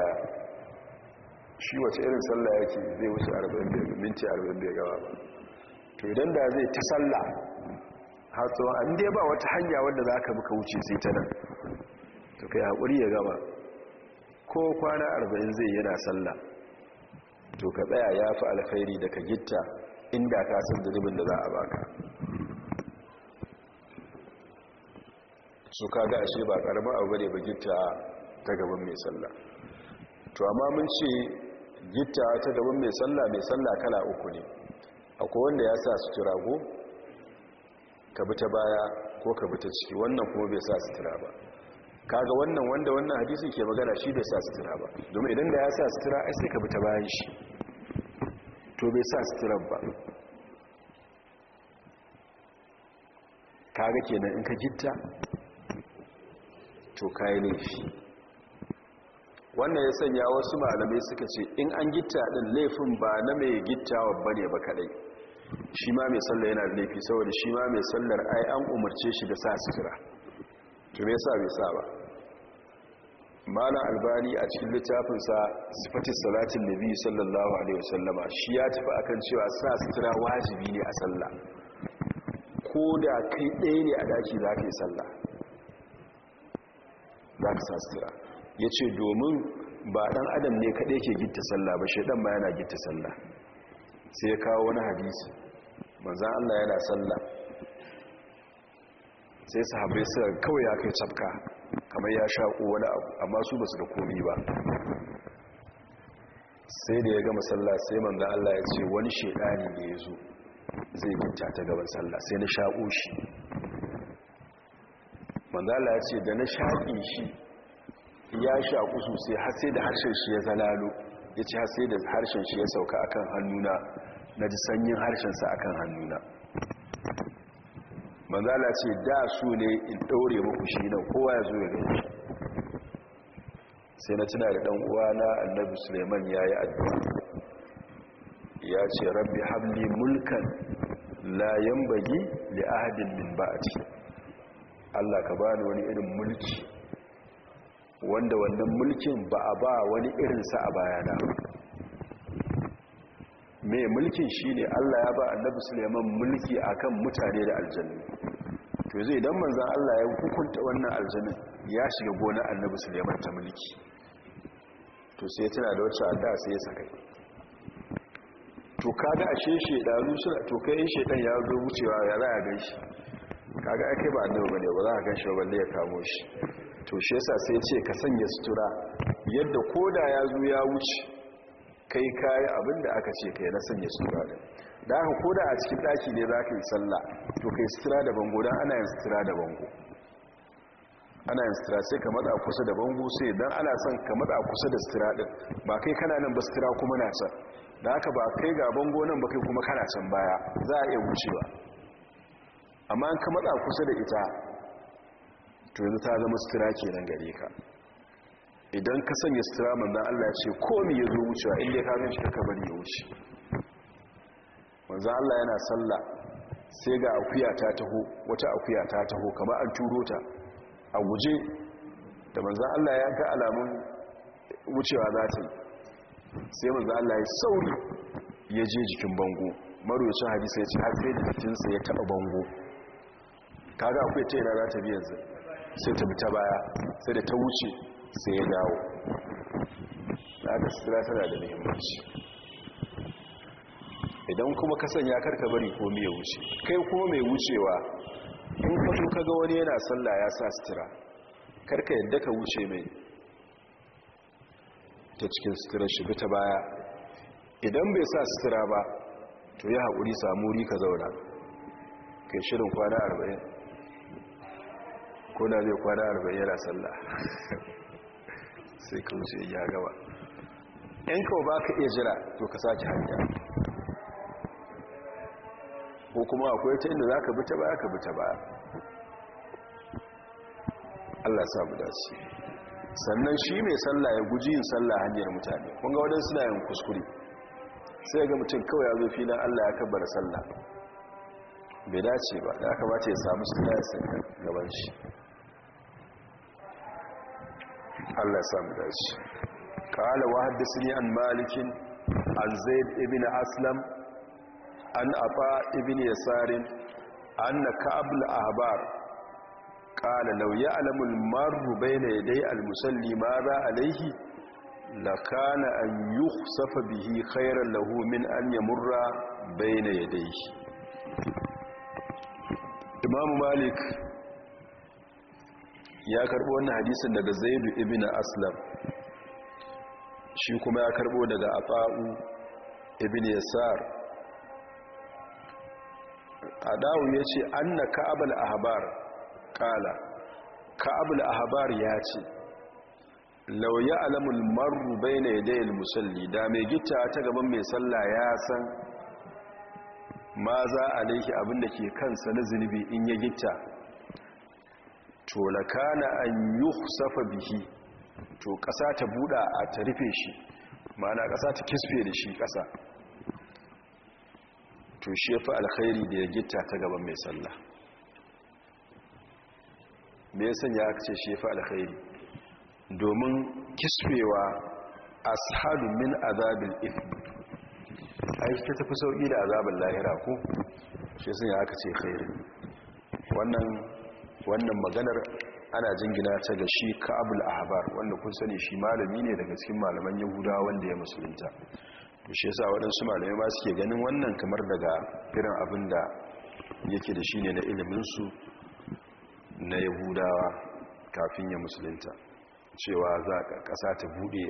shi wace irin sallah yake zai wuce 40 minti 40 bai gaba ba to idan da zai ta sallah har tsawon an dai ba wata hanya wanda za ka muka wuce sai ta nan to kai haƙuri ya gama ko kwana arba'in zai yana sallah to ka tsaya ya fi alkhairi da ka gitta inda ka san direbin da za a baka su kaga ashe ba karama a bane ba gitta ta gaban mai sallah to amma mun ce gitta ta gaban mai sallah mai sallah kala uku ne akwai wanda ya sa su tirago ka bi ta baya ko ka bi ta ciki wannan kuma bai sa su ba kaga wannan wanda wannan hadisi ke magana shi bai sa sutura ba domin idan da ya sa sutura ai sai ka bi ta bayan shi to bai sa suturar ba kaga kenan in ka jitta to kayi laifi wannan ya sanya wasu malamai suka ce in an gitta din laifin ba na mai gittawa ba ne ba kadai shi ma mai sallar yana da laifi saboda shi ma mai sallar ai an umarce shi da sa sutura to me yasa bai sa ba malam albani a cikin littafinsa sifatis salatin nabi sallallahu alaihi wasallama shi ya tafi akan cewa sa sutura wajibi ne a sallah ko da kai ɗaya ne a daki za ka yi sallah za ka sa sutura ya ce domin ba ɗan adam ne kaɗai ke gitta sallah ba shaidan ma yana gitta sallah sai ya kawo wani hadisi manzan allah yana sallah sai sahabai suka kawai ya kai tsafka. kamar ya shaƙo wani abu amma su basu su da komi ba sai da ya gama sallah sai manzan Allah ya ce wani shaidani ne ya zo zai kinta ta gaban sallah sai na shaƙo shi manzan Allah ya ce da na shaƙi shi ya shaƙo sosai har sai da harshen shi ya zalalo ya ce har sai da harshen shi ya sauka akan hannuna na ji sanyin harshensa akan hannuna manzala ce da su ne in ɗaure muku shi nan kowa ya zo ya gani sai na tuna da ɗan uwana annabi suleiman ya yi addu'a ya ce rabbi hamli mulkan layan bagi da ahadin min cikin. allah ka ba wani irin mulki wanda wannan mulkin ba a ba wani irinsa a bayana ba mai mulkin shi ne allah ya ba annabi suleiman mulki akan mutane da aljannu to zai idan manzan allah ya hukunta wannan aljannin ya shiga gona annabi suleiman ta mulki to sai tana da wacce adda sai ya sakai to kaga ashe shedanu suna to kai shedan ya zo wucewa ya za a gan shi kaga ake ba annabi ne, ba za a gan shi ba balle ya kamo shi to shi yasa sai ce ka sanya sutura yadda koda ya zo ya wuce kai kayi abin da aka ce kai na sanya sutura din da aka koda da a cikin ɗaki ne za ka yi sallah to kai sutura da bango don ana yin sutura da bango ana yin sutura sai ka matsa kusa da bango sai don ana son ka matsa kusa da sutura din ba kai kana nan ba sutura kuma na can da haka ba kai ga bango nan ba kai kuma kana can baya za a iya wucewa amma an ka matsa kusa da ita to yanzu ta zama sutura kenan gare ka idan ka sanya sutura manzan Allah ce komi ya zo wucewa inda ya kamin shi ka ya wuce manzan Allah yana sallah sai ga akuya ta taho wata akuya ta taho kamar an turo ta a guje da manzan Allah ya ga alamun wucewa za ta yi sai manzan Allah ya sauri ya je jikin bango marocin hadisa ya ce har sai jikinsa ya taɓa bango kaga akwai ta yana za ta biyan sai ta bi ta baya sai da ta wuce sai ya dawo da aka sutura tana da muhimmanci idan kuma ka sanya karka bari ko mai wuce kai kuma mai wucewa in ka ga wani yana sallah ya sa sutura karka yadda ka wuce mai ta cikin sutura shiga ta baya idan bai sa sutura ba to ya haƙuri samu wuri ka zauna kai shirin kwana arba'in ko na zai kwana arba'in yana sallah sai ka wuce ya gaba in kawo ba ka iya jira to ka sake hanya ko kuma akwai ta inda za ka bita ba ka bita ba Allah samu dace sannan shi mai sallah ya guji yin sallah hanyar mutane kunga waɗansu na yin kuskure sai ga mutum kawai ya zo filin Allah ya kabbara sallah bai dace ba da aka bace ya samu suna ya gaban shi Allah ya samu dace qala wa haddathani an malikin an zaid ibn aslam an afa ibn yasarin anna ka'bul ahbar qala law ya'lamu al-marru bayna yaday al-musalli ma ba alayhi lakana an yukhsafa bihi khayran lahu min an yamurra bayna yadayhi imam malik ya karbo wannan hadisin daga zaidu ibn aslam shi kuma ya karbo daga afa'u ibn yasar adawu ya ce an na ka'abal ahbar kala ka'abal ahbar ya ce lau ya alamun marru na yadda musalli da mai gita ta gaban mai sallah ya san ma za a laiki abinda ke kansa na zunubi in ya gita to lakana an safa bihi to ƙasa ta buɗa a ta rufe shi ma'ana ƙasa ta kisfe da shi ƙasa to shi alkhairi da ya gitta ta gaban mai sallah me ya sanya ce shi alkhairi domin kisfewa ashadu min azabin ifbi aiki ta tafi sauki da azabin lahira ko shi ya sanya aka ce khairi wannan wannan maganar ana jingina ta ga shi ka'abul ahbar wanda kun sani shi malami ne daga cikin malaman yahudawa wanda ya musulunta to shi yasa waɗansu malamai ba suke ganin wannan kamar daga irin abin da yake da shi ne na iliminsu na yahudawa kafin ya musulunta cewa za ka ƙasa ta buɗe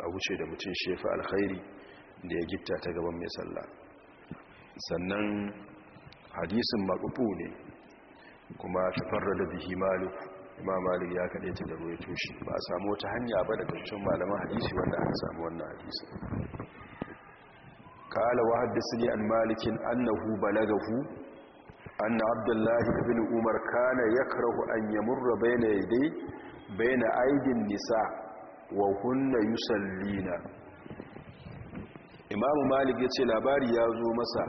a wuce da mutum shefa alkhairi da ya gitta ta gaban mai sallah sannan hadisin maƙufu ne kuma tafarar da bihi malik ma malik ya kaɗe ta da ruwa toshi ba a samu wata hanya ba da ƙarshen malaman hadisi wanda aka samu wannan hadisi kala wa haddasa ne an malikin annahu balagahu Anna abdullahi ibn umar kana yakrahu karahu an ya murra bayna yadai bayna aidin nisa wa hunna yusallina imamu malik ya ce labari ya zo masa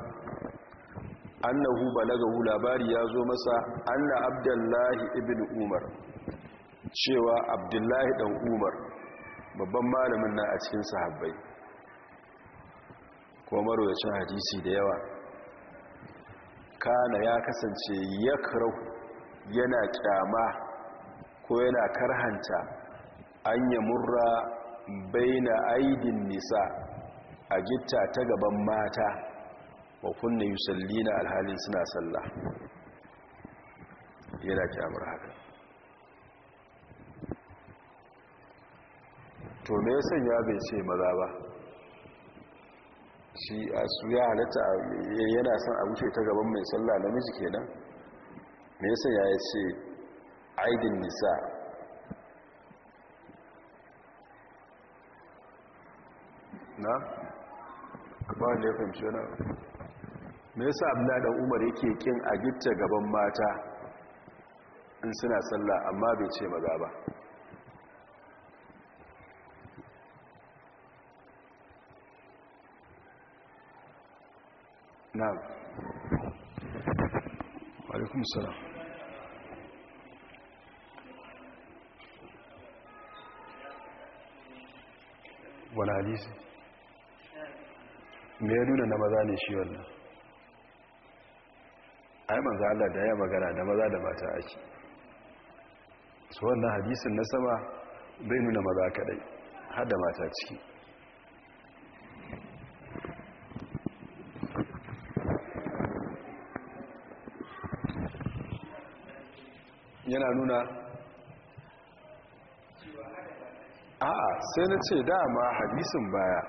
annahu balagahu labari ya zo masa anna abdullahi ibn umar cewa abdullahi dan umar babban malamin na a cikin sahabbai kuma marwacin hadisi da yawa kana ya kasance ya yana kyama ko yana karhanta an ya murra bai aidin nisa a gitta ta gaban mata wa kunna yusallina alhalin suna sallah yana kyamar haka to me yasan ya bai ce maza ba shi a su ya halatta yana son a wuce ta gaban mai sallah namiji kenan me yasan ya ce aidin nisa na ba ne ya fahimci wani abu me yasa abdullahi dan umar yake kin a gitta gaban mata in suna sallah amma bai ce maza ba na'am alaikum salam wani halisi me ya nuna na maza ne shi wannan ai manzo Allah da ya magana da maza da mata ake su wannan hadisin na sama bai nuna maza kadai har da mata ciki yana nuna a'a sai na ce dama hadisin baya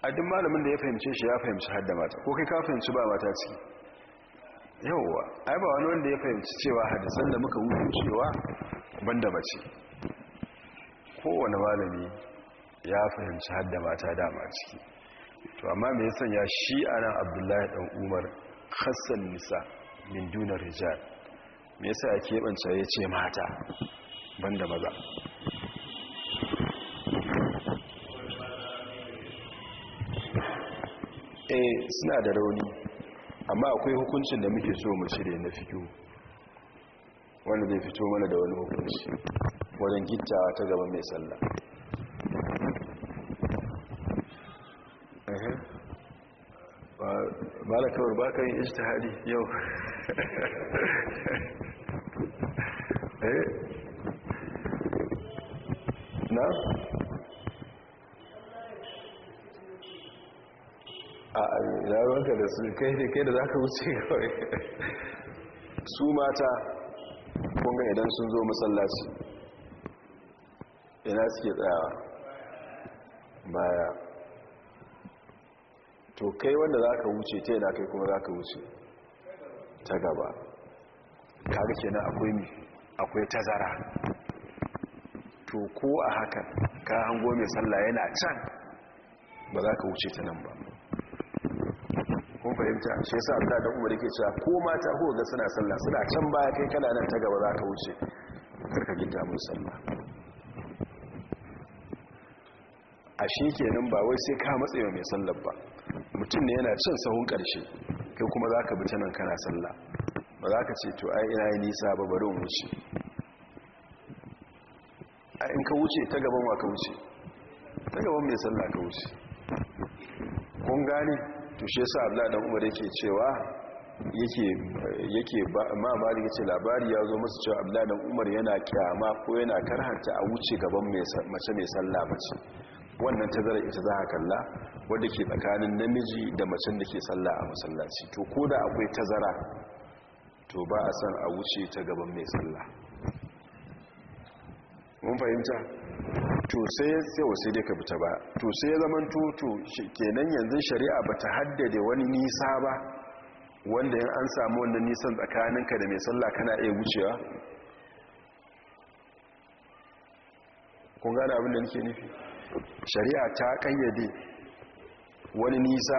a duk malamin da ya fahimce shi ya fahimci har da mata ko kai ka fahimci ba mata ciki yauwa ai ba wani wanda ya fahimci cewa hadisan da muka wuce cewa banda bace kowane malami ya fahimci hadda mata dama ciki to amma me yasa ya shi anan abdullahi dan umar khassan nisa min duna rijal me yasa ya keɓance ya ce mata banda maza eh suna da rauni amma akwai hukuncin da muke so mu cire na fito wanda zai fito mana da wani hukunci wajen gita ta gaba mai sallah ba da kawar ba ka yin yau eh? na? a rawanka da su kai da kai da za ka wuce kawai su mata kunga idan sun zo masallaci ina suke tsayawa baya to kai wanda za ka wuce ta yana kai kuma za ka wuce ta gaba kaga kenan akwai mi akwai tazara to ko a haka ka hango mai sallah yana can ba za ka wuce ta nan ba kun fahimta shi yasa Allah da Umar yake cewa ko mata ko ga suna sallah suna can baya kai kana nan ta gaba za ka wuce karka gida mun sallah a shi kenan ba wai sai ka matse mai sallar ba mutum ne yana cin sahun karshe kai kuma za ka bi ta nan kana sallah ba za ka ce to ai ina yi nisa ba bari wuce a in ka wuce ta gaban wa ka wuce ta gaban mai sallah ka wuce kun gane to shi yasa Abdullahi dan Umar yake cewa yake yake ma Malik yace labari ya zo masa cewa Abdullahi dan Umar yana kyama ko yana karhanta a wuce gaban mace mai sallah mace wannan tazara ita za a kalla wadda ke tsakanin namiji da macen da ke sallah a masallaci to ko da akwai tazara to ba a san a wuce ta gaban mai sallah mun fahimta to sai ya sai dai ka fita ba to sai ya zama tutu kenan yanzu shari'a ba ta haddade wani nisa ba wanda yin an samu wannan nisan tsakaninka da mai sallah kana iya wucewa kun gane abin da nake nufi shari'a ta kayyade wani nisa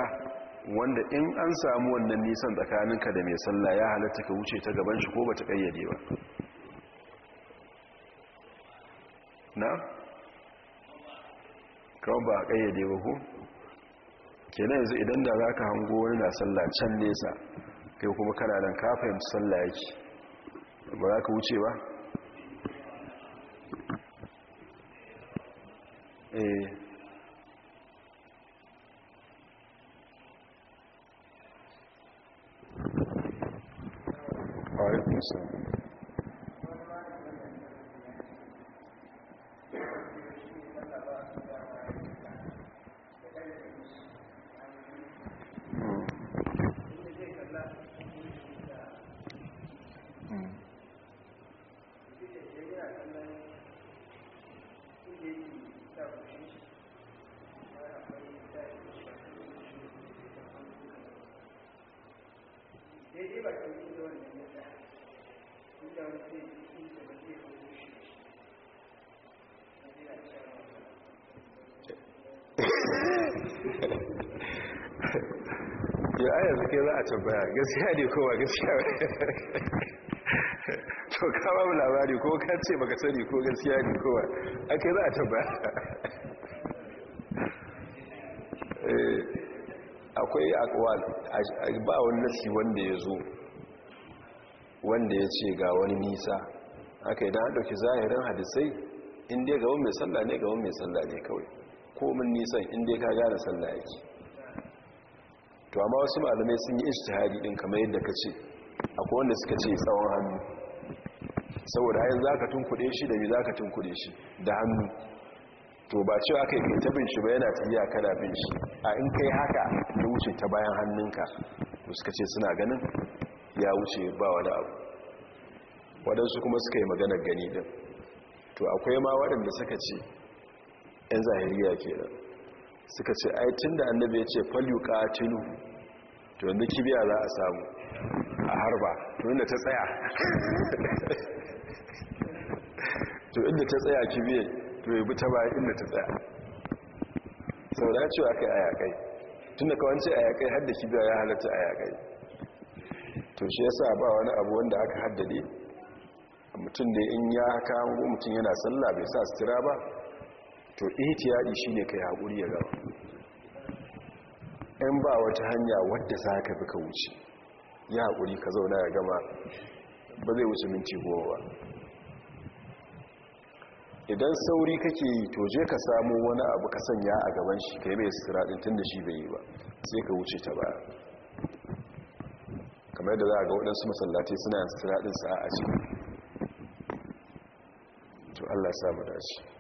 wanda in an samu wannan nisan tsakaninka da mai sallah ya halatta ka wuce ta gaban shi ko ba ta kayyade ba na? kawai ba a ƙayyade ba ko kenan yanzu idan da za ka hango wani na sallah can nesa kai kuma kana nan ka fahimci yake ba za ka wuce ba eh. All kai za a tambaya gaskiya ne ko ba gaskiya ne to kawo labari ko kace ce baka sani ko gaskiya ne ko ba kai za a tambaya eh, akwai akwal ba wani nasi wanda ya zo wanda ya ce ga wani nisa aka idan an ɗauki zahirin hadisai inda ya gaban mai tsalla ne gaban mai tsalla ne kawai komin nisan inda ya ka gane tsalla yake to amma wasu malamai sun yi ijtihadi din kamar yadda ka ce akwai wanda suka ce tsawon hannu saboda hayan za ka tunkuɗe shi da mi za ka tunkuɗe shi da hannu to ba cewa kai kai tabin bin shi ba yana tafiya kana bin shi a in kai haka ya wuce ta bayan hannunka to suka ce suna ganin ya wuce ba wani abu waɗansu kuma suka yi maganar gani din to akwai ma waɗanda suka ce 'yan zahiriya kenan suka ce ai tunda annabi ya ce falyu falyuqatilu to yanzu kibiya za a samu a harba to inda ta tsaya to inda ta tsaya kibiya to ya bi ta baya inda ta tsaya sau da cewa kai a yaƙai da kawance a yaƙai hadda kibiya ya halatta a yaƙai to shi sa ba wani abu wanda aka haddade mutum da in ya kawo mutum yana sallah bai sa sutura ba to ihtiyari shine kai hakuri ya gaba in ba wata hanya wadda za ka fi ka wuce ya hakuri ka zauna ya gama ba zai wuce minti goma ba idan sauri kake yi to je ka samu wani abu ka sanya a gaban shi ka yi mai siradin tun da shi bai yi ba sai ka wuce ta ba kamar da za a ga waɗansu masallaci suna siradin sa'a a ciki to allah samu dace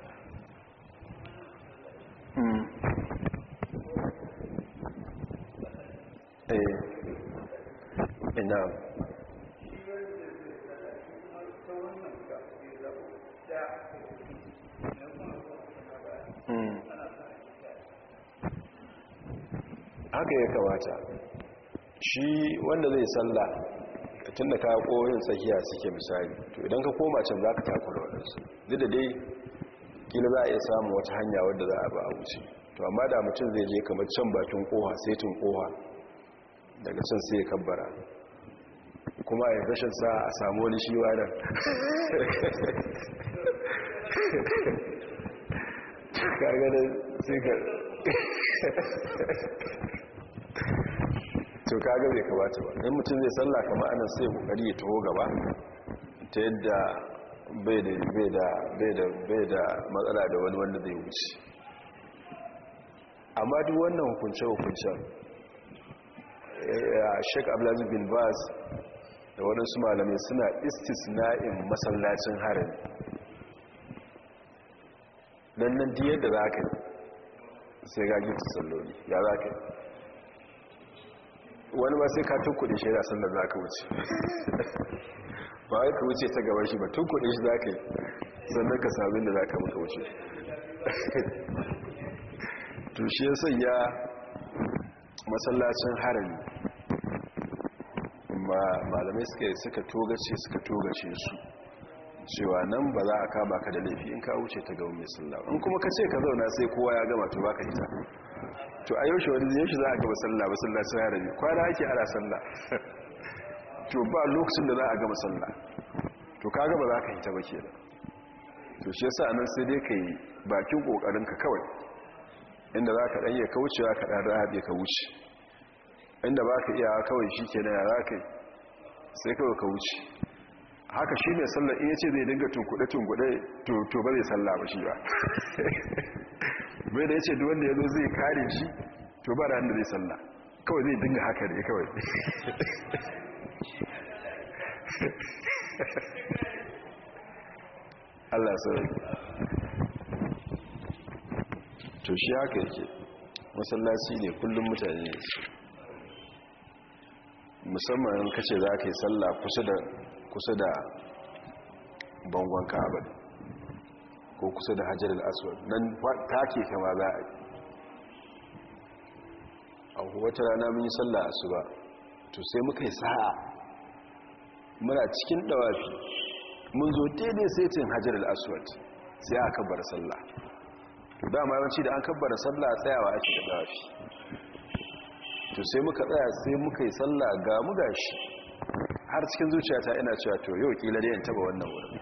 ya kamata shi wanda zai salla tun da ka yin tsakiya suke misali to idan ka koma can za ka takura waɗansu duk da dai gina za a iya samun wata hanya wadda za a ba a wuce to amma da mutum zai je kamar can bakin koha saitin koha daga can sai ya kabbara kuma a rashin sa a samu wani shi wa nan kaganin sai ka to kaga bai kamata ba in mutum zai sallah kamar anan sai kokari ya taho gaba ta yadda bai da bai da bai da bai da matsala da wani wanda zai wuce amma duk wannan hukunce ya eh, Sheikh Abdulaziz bin Baz da wadansu malamai suna istisna'in masallacin harin nan nan diyar da za ka yi sai gajin salloli ya za wani ba sai ka tukkuɗe shi da sanda za ka wuce ba ka wuce ta gaba shi ba tukkuɗe shi za ka yi sannan ka sami da za ka muka wuce tushe ya masallacin harami malamai suka yi suka togace suka togace su cewa nan ba za a kama ka da laifi in ka wuce ta gaban mai sallah in kuma ka ce ka zauna sai kowa ya gama to ka hita to a yaushe wani zai shi za a gaba sallah ba sallah sun yara ne kwana ake ara sallah to ba lokacin da za a gaba sallah to ka gaba za ka yi ba da to shi yasa nan sai dai ka yi bakin kokarin ka kawai inda za ka ɗanye kaucewa ka ɗan rahabe ka wuce inda ba ka iyawa kawai shi kenan ya za ka sai kawai ka wuce haka shi ne sallar in yace zai dinga tunkuɗe-tunkuɗe to ba zai salla ba shi ba bai da yace duk wanda ya zo zai kare shi to ba ran da zai salla kawai zai dinga haka ne kawai Allah sauri to shi haka yake masallaci ne kullum mutane musamman kace za ka yi sallah kusa da kusa da bangon ka'aba ko kusa da hajjar al'aswad nan take kama za a yi a wata rana mun yi sallah ba? to sai muka yi sa'a muna cikin dawafi mun zo tebe setin hajjar al'aswad sai aka bar sallah to dama yawanci da an kabbar sallah tsayawa ake da dawafi to sai muka tsaya sai muka yi sallah ga mu gashi har cikin zuciyata ina cewa to yau kila dai yin taba wannan wurin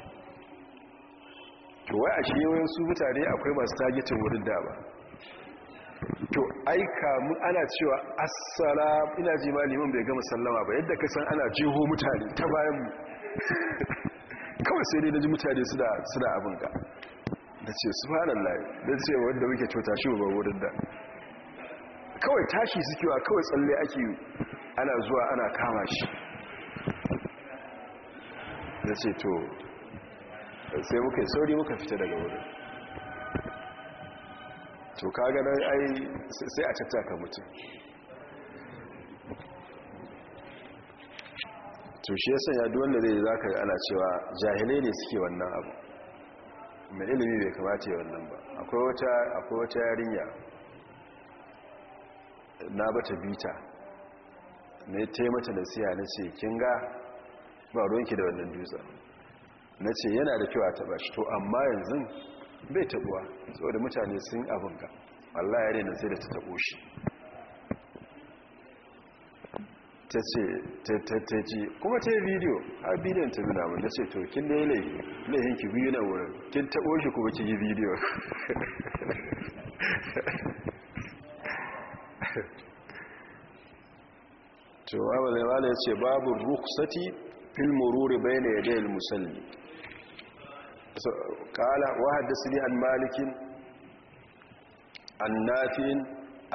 to wai a shi yawan su mutane akwai masu tagitin wurin da ba to aika mu ana cewa assalam ina ji malimin bai gama sallama ba yadda ka san ana jiho mutane ta bayan mu kawai sai dai na ji mutane suna abin ka da ce subhanallah don ce wanda muke cuta shi ba wurin da kawai tashi suke wa kawai tsalle ake ana zuwa ana kama shi na ce to sai muka yi sauri muka fita daga wurin to kaga nan ai sai a tattaka mutu. to shi yasa ya sanya wanda zai zaka yi ana cewa jahilai ne suke wannan abu mai ilimi bai kamata yi wannan ba akwai wata yarinya na bata bita ne taimata na ce kin ga ba ruwanki da wannan dutsen na ce yana da kyau a taba shi to amma yanzu bai tabuwa saboda mutane sun abin ka Allah ya rena sai da ta tabo shi ta ce tattaji kuma ta yi bidiyo a bidiyon ta nuna mun na ce to kin da yi laifi laifin ki biyu na wurin kin tabo shi kuma ki yi bidiyo to abu da ya ce babu rukusati fil mururi bayna yaday al musalli qala wa hadathani an malik an nafi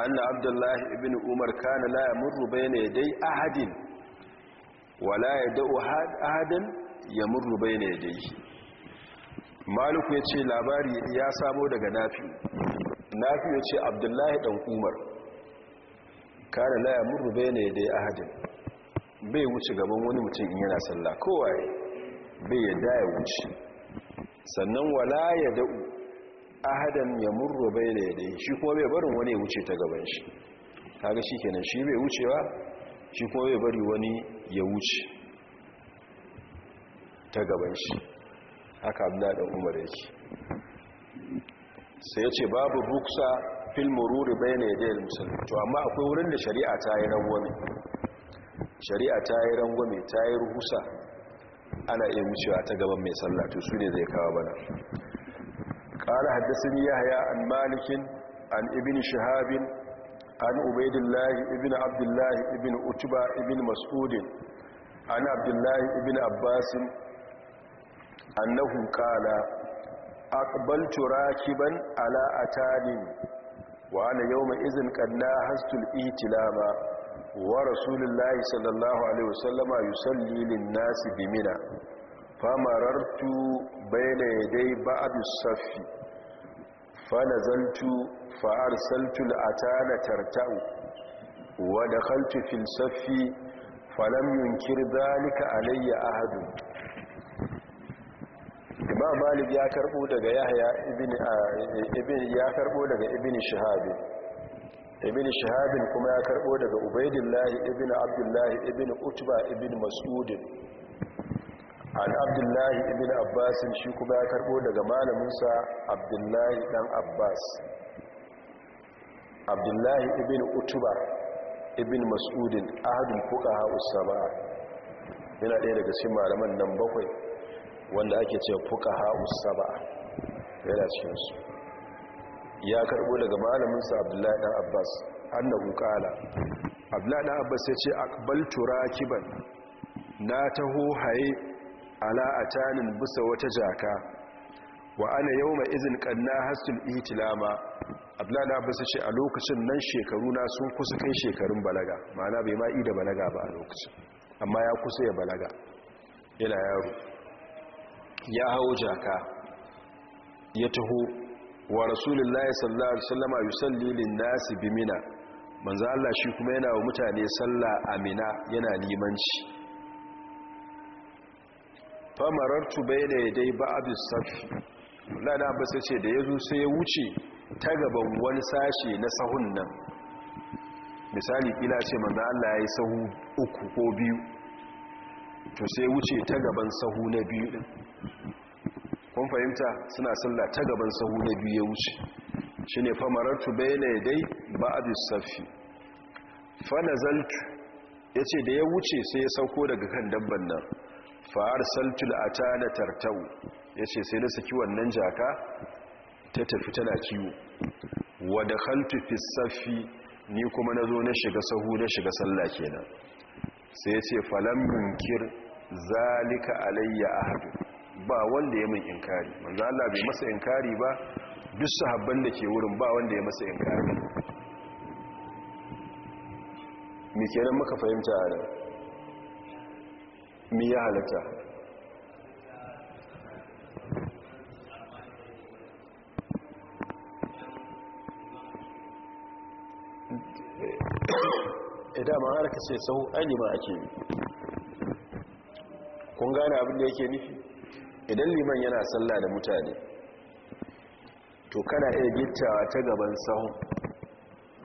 anna abdullah ibn umar kana la yamurru bayna yaday ahadin wa la yad'u ahadan yamurru bayna yadayhi malik yace labari ya samo daga nafi nafi yace abdullah dan umar kana la yamurru bayna yaday ahadin bai wuce gaban wani mutum in yana sallah kowai bai yadda ya wuce sannan wala ya da'u ahadan ya murro bai da ya dai shi kuma bai barin wani ya wuce ta gaban shi kaga shi kenan shi bai wucewa shi kuma bai bari wani ya wuce ta gaban shi haka abu dan umar yake sai ya ce babu buksa fil mururi bayna ya musulmi to amma akwai wurin da shari'a ta yi rabuwa ne shari'a ta yi rangwame ta yi rusa ana iya mushewa ta gaban mai sallatu su ne zai kawo bana ƙara haddasin yahaya an malikin an ibin shahabin an ubaidillahi ibin abdullahi ibin utuba ibin mas'udin an abdullahi ibin abbasin annahu kala aqbaltu rakiban ala ne. wa ana mai izin qanna hastul itilama wa rasulullahi sallallahu alaihi wasallama yusalli lin bi mina famarartu bayna yaday ba'du saffi fanazaltu fa arsaltu al'atana tarta'u wa dakhaltu fil saffi falam yunkir dhalika alayya ahad imam malik ya karbo daga yahya ibn ah, ibn ya karbo daga ibn shahabi ibn shahabin kuma ya karbo daga ubaidillahi ibn abdullahi ibn utba ibn mas'udin an abdullahi ibn abbasin shi kuma ya karbo daga malaminsa abdullahi dan abbas abdullahi ibn utba ibn mas'udin ahadul fuqaha usaba yana ɗaya daga cikin malaman nan bakwai wanda ake ce fuqaha usaba yana cikin su ya karbo daga malaminsa abdullahi dan abbas annahu qala abdullahi dan abbas ya ce aqbaltu rakiban na taho haye ala atanin bisa wata jaka wa ana yawma izin qanna hasul itlama abdullahi dan abbas ya ce a lokacin nan shekaru na sun kusa kai shekarun balaga ma'ana bai ma ida balaga ba a lokacin amma ya kusa ya balaga yana yaro ya hawo jaka ya taho wa rasulullahi sallallahu alaihi wasallama yusalli lin-nasi bi mina manzo Allah shi kuma yana wa mutane sallah a mina yana limanci fa marartu bayna yaday ba'd as lana ba sai ce da yazo sai ya wuce ta gaban wani sashe na sahun nan misali kila ce manzo Allah yayi sahu uku ko biyu to sai wuce ta gaban sahu na biyu din kun fahimta suna sallah ta gaban sahu na biyu ya wuce shi ne famarartu bai ya dai ba a bisafi fanazaltu ya ce da ya wuce sai ya sauko daga kan dabban nan fa'ar saltul a ta na tartau ya ce sai na saki wannan jaka ta tafi tana kiwo wadda haltu fisafi ni kuma na zo na shiga sahu na shiga sallah kenan sai ya ce falammin zalika alayya ahadu ba wanda ya min inkari manzo Allah bai masa inkari ba duk sahabban da ke wurin ba wanda ya masa inkari me kenan muka fahimta a nan me ya halatta idan eh, ma har ka ce sau alima ake kun gane abin da yake nufi idan liman yana sallah da mutane to kana iya gittawa ta gaban sahu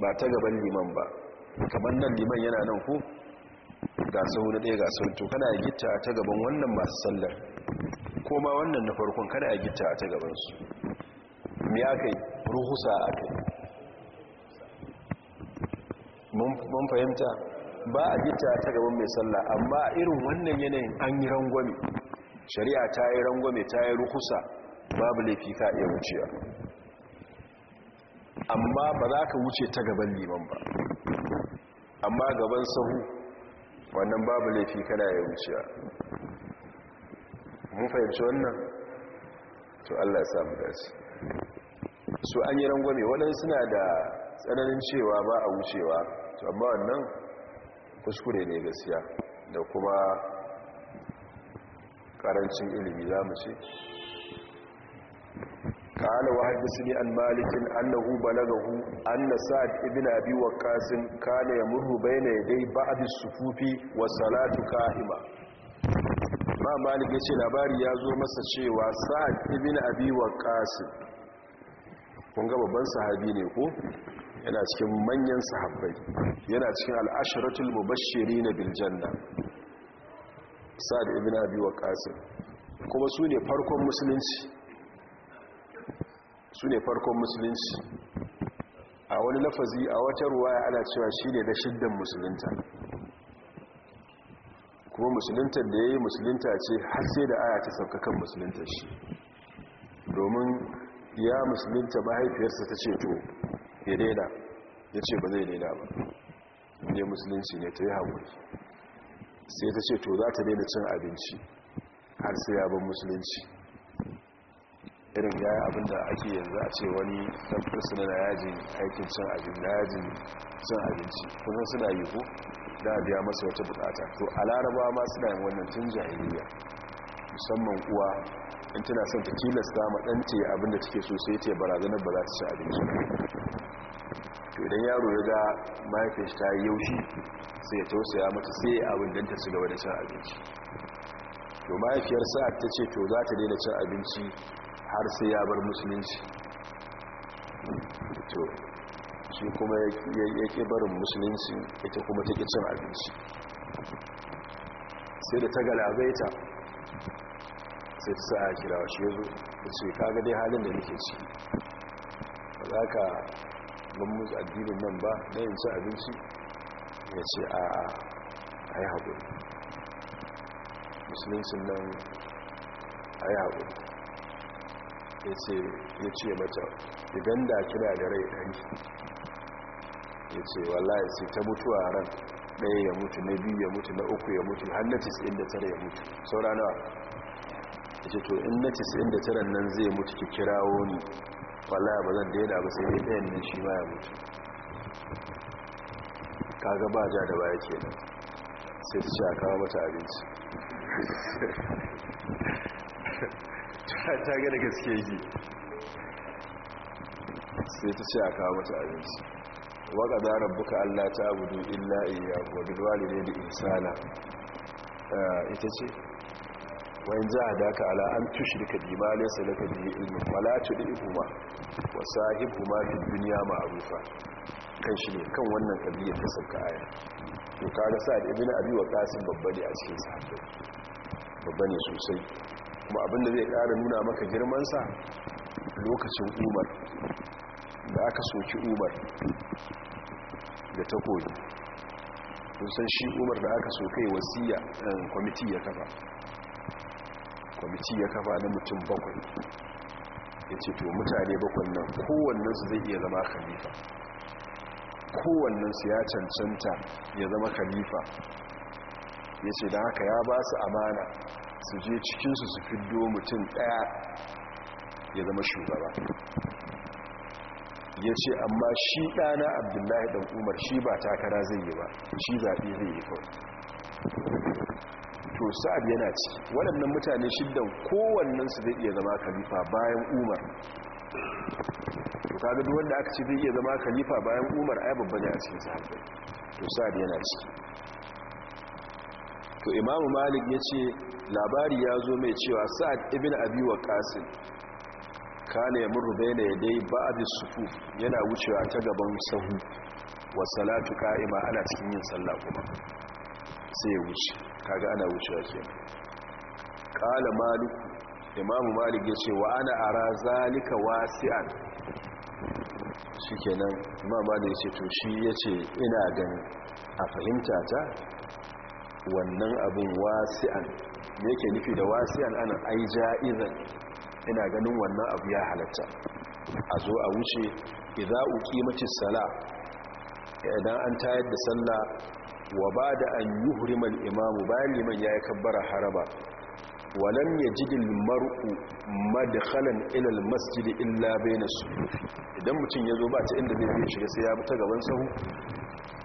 ba ta gaban liman ba kamar nan liman yana nan ku ga sahu na ɗaya ga sahu to kana iya gittawa ta gaban wannan masu sallar ko ma wannan na farkon kana iya gittawa ta gabansu me aka yi ruhusa a yi mun fahimta ba a gittawa ta gaban mai sallah amma irin wannan yanayin an yi rangwame shari'a ta yi rangwame ta yi rukusa babu laifi ka iya wuciya amma ba za ka wuce ta gaban liman ba amma gaban sahu wannan babu laifi ka na ya wuciya mun fahimci wannan to Allah ya samu dace su an yi rangwame waɗansu suna da tsananin cewa ba a wucewa to amma wannan kuskure ne gaskiya da kuma karancin ilimi za mu ce قال وحدثني عن مالك أنه بلغه أن سعد ya أبي وقاص كان يمر بين يدي بعض الصفوف والصلاة قائمة ما مالك yace labari ya zo masa cewa sa'ad ibn abi waqas kun ga babban sahabi ne ko yana cikin manyan sahabbai yana cikin al-ashratul na bil janna sa'ad ibn abi waqas kuma su ne farkon musulunci su ne farkon musulunci a wani lafazi a wata ruwaya ana cewa shine da shiddan musulunta kuma musuluntar da yayi yi musulunta ce har sai da aya ta sauka kan musuluntar shi domin ya musulunta mahaifiyarsa ta ce to ya daina ya ce ba zai daina ba ne musulunci ne ta yi haƙuri sai ta ce to za ta daina cin abinci har sai yabon musulunci irin ya abinda ake yanzu a ce wani ɗan fursuna na yajin aikin cin abinci kuma suna yi ku da biya masa wata bukata to a laraba ma suna yin wannan tun jahiliya musamman kuwa in tana son ta tilasta ma abinda take so sai ta barazanar ba za ta ci abinci ba. to idan yaro ya ga mahaifin ta yi yaushi sai ya tausaya mata sai abin don ta cigaba da cin abinci to mahaifiyar sa'ad ta ce to za ta daina cin abinci har sai ya bar musulunci to shi kuma ya ƙi barin musulunci ita kuma ta ƙi cin abinci sai da ta galabaita sai ta sa'a kira shi ya zo da ce kaga dai halin da nake ci ba za ka ban musu addinin nan ba na yin su abinci ya ce a a yi haƙuri musulunci nan a yi haɗu ya ce mata idan da kira da rai ɗari ya ce wallahi sai ta mutuwa ran ɗaya ya mutu na biyu ya mutu na uku ya mutu har na tara ya mutu sauranawa ya ce to in na tara nan zai mutu ki kirawo ni wallahi ba zan daina ba sai ɗayan ne shi ma ya mutu kaga ba ja da baya nan. sai ta ce a kawo mata abinci ta ga da gaske yi sai ta ce a kawo mata abinci waka da rabbuka allah ta abudu illa iya wa bidwali ne da insana eh, ita ce wayan za a daka ala an tushirka bi ma laysa laka bihi ilmun wala tud'ihu ma wa sahibu ma fi duniya ma'arufa kan shi ne kan wannan kabiya ta sauka aya to kaga da ibn abi waqas babba ne a cikin sahabbai babba ne sosai kuma abin da zai ƙara nuna maka girman sa lokacin umar da aka soki umar da Sun kusan shi umar da aka so kai wasiya eh, kwamiti ya kafa kwamiti ya kafa na mutum bakwai ya ce to mutane bakwai nan kowannensu zai iya zama khalifa kowannensu ya cancanta ya zama khalifa ya ce da haka ya ba su amana su je cikinsu su fiddo mutum ɗaya ya zama shugaba ya ce amma shi ɗana abdullahi ɗan umar shi ba takara zai yi ba shi zaɓe zai yi kawai to sa'ad yana ci waɗannan mutane shiddan kowannensu zai iya zama khalifa bayan umar to kaga gudu wanda aka ci zai iya zama kalifa bayan umar a babba ne a cikin sahabbai to sa'ad yana ci to imamu malik ya ce labari ya zo mai cewa sa'ad ibn abi waqasin kane ya murru ya dai ba'd as sufu yana wucewa ta gaban sahu wa salatu ka'ima ana cikin yin sallah kuma sai ya wuce kaga ana wucewa ke ƙala maliku imamu malik ya ce wa ana ara zalika wasi'an shi kenan imamu malik ya ce to shi ya ce ina gani a fahimta ta wannan abin wasi'an me yake nufi da wasi'an ana ai ja'izan ina ganin wannan abu ya halatta a zo a wuce idza uqimatis sala idan an tayar da sallah wa ba da an yi hurimar imamu bayan liman ya yi kabbara haraba walam ya jigil mar'u ilal maski da illa bayna sufuf idan mutum ya zo ba ta inda zai shiga sai ya bi ta gaban sahu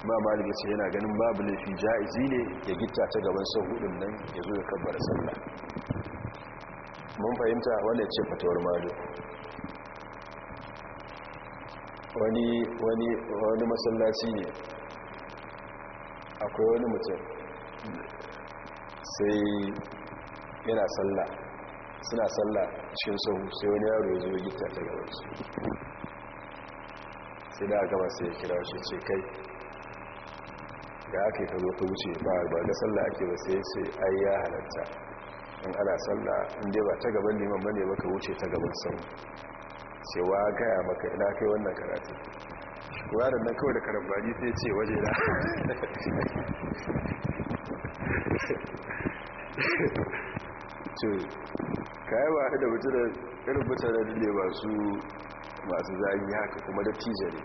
ba maliki sai yana ganin babu laifi jaizi ne ya gita ta gaban sahu din nan ya zo ya kabbara sallah mun fahimta wannan ce fatawar malu wani wani masallaci ne akwai wani mutum sai yana sallah suna sallah cikin sahu sai wani yaro ya zo gita ta su, sai da gaba sai ya kira shi ce kai da aka yi ta zo ta wuce ba ba ga sallah ake ba sai sai ai ya halatta in ana sallah inda ba ta gaban neman bane ba ka wuce ta gaban sahu cewa gaya maka ina kai wannan karatu yaron na kawai da karambani sai ce waje na yi ba da mutane irin mutane ne masu masu zagi haka kuma da tija ne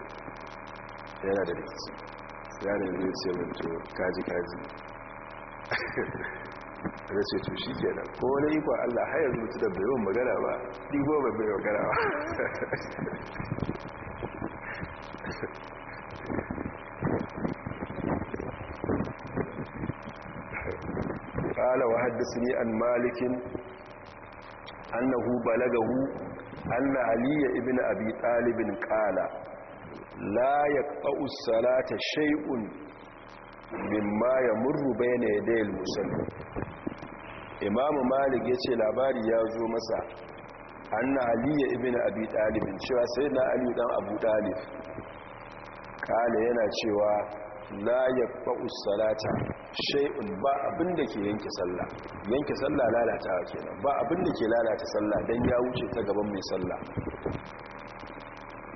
yana da rikici yanar zai ce minto kaji-kaji da ce to shi ke nan ko wani ikon allah hayar mutu da bayon magana ba ɗigo ba bayon magana ba qala wa haddathani an malik annahu balagahu anna aliya ibn abi talib qala la yaqta'u as-salata shay'un mimma yamurru bayna yaday al-musalli imamu malik yace labari ya zo masa anna aliya ibn abi ɗalibin cewa sai na ali dan abu talib kala yana cewa la yabba salata, shay'un ba abinda ke yanke sallah yanke sallah lalatawa kenan ba abinda ke lalata sallah dan ya wuce ta gaban mai sallah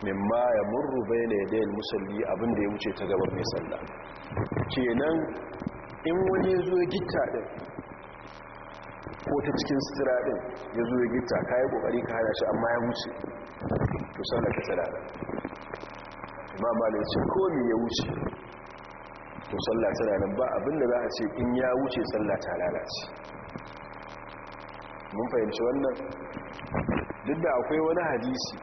mimma ya murru bai na yadda yin musulmi abinda ya wuce ta gaban mai sallah kenan in wani ya zo ya gita ɗin ko ta cikin sutura ɗin ya zo ya gita ka yi ƙoƙari ka hana shi amma ya wuce to sallah ka tsada ba ma da ce ko ya wuce to sallah tana nan ba abinda za a ce in ya wuce sallah ta lalace mun fahimci wannan duk da akwai wani hadisi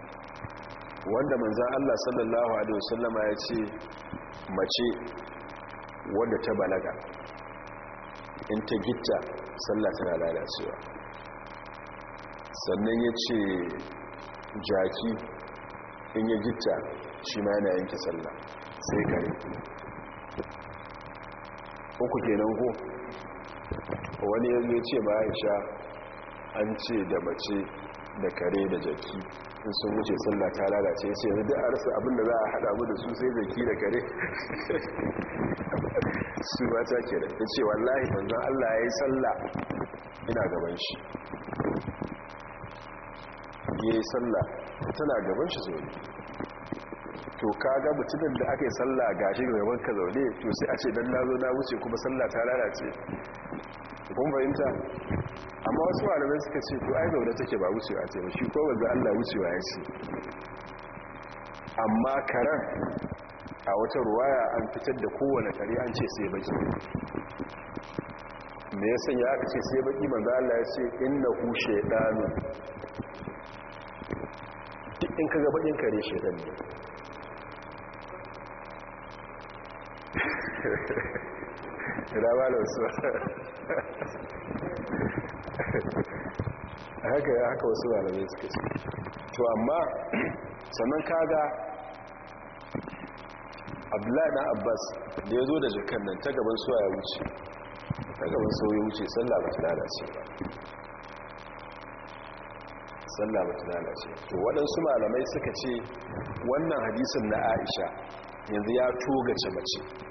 wanda manzan Allah sallallahu Alaihi wasallama ya ce mace wadda ta balaga in ta gitta sallah tana lalacewa sannan ya ce jaki in ya gitta shi ma yana yanke sallah sai kare uku kenan ko wani yanzu ya ce ba sha an ce da mace da kare da jaki in sun wuce sallah ta lalace sai yanzu duk a rasa abinda za a haɗa mu da su sai jaki da kare su mata ke da ce wallahi manzan Allah ya yi sallah ina gaban shi ya yi sallah tana gaban shi zoye to kaga mutumin da aka yi sallah gashi ga wanka ka zaune to sai a ce dan na zo na wuce kuma sallah ta lalace kun fahimta amma wasu malamai suka ce to ai zaune take ba wucewa ce ba shi ko za Allah wucewa ya ce amma karan a wata ruwaya an fitar da kowane kare an ce sai baki me ya sanya aka ce sai baki manzo Allah ya ce innahu shaytanu duk in kaga bakin kare shaytan ne da haka haka haka wasu malamai suka ce to amma sannan kaga abdullahi na abbas da ya zo da jikin nan ta gaban suwa ya wuce ta gaban suwa ya wuce tsalla ba tunana ce ba sallah ba tunana ce to waɗansu malamai suka ce wannan hadisun na aisha yanzu ya togace mace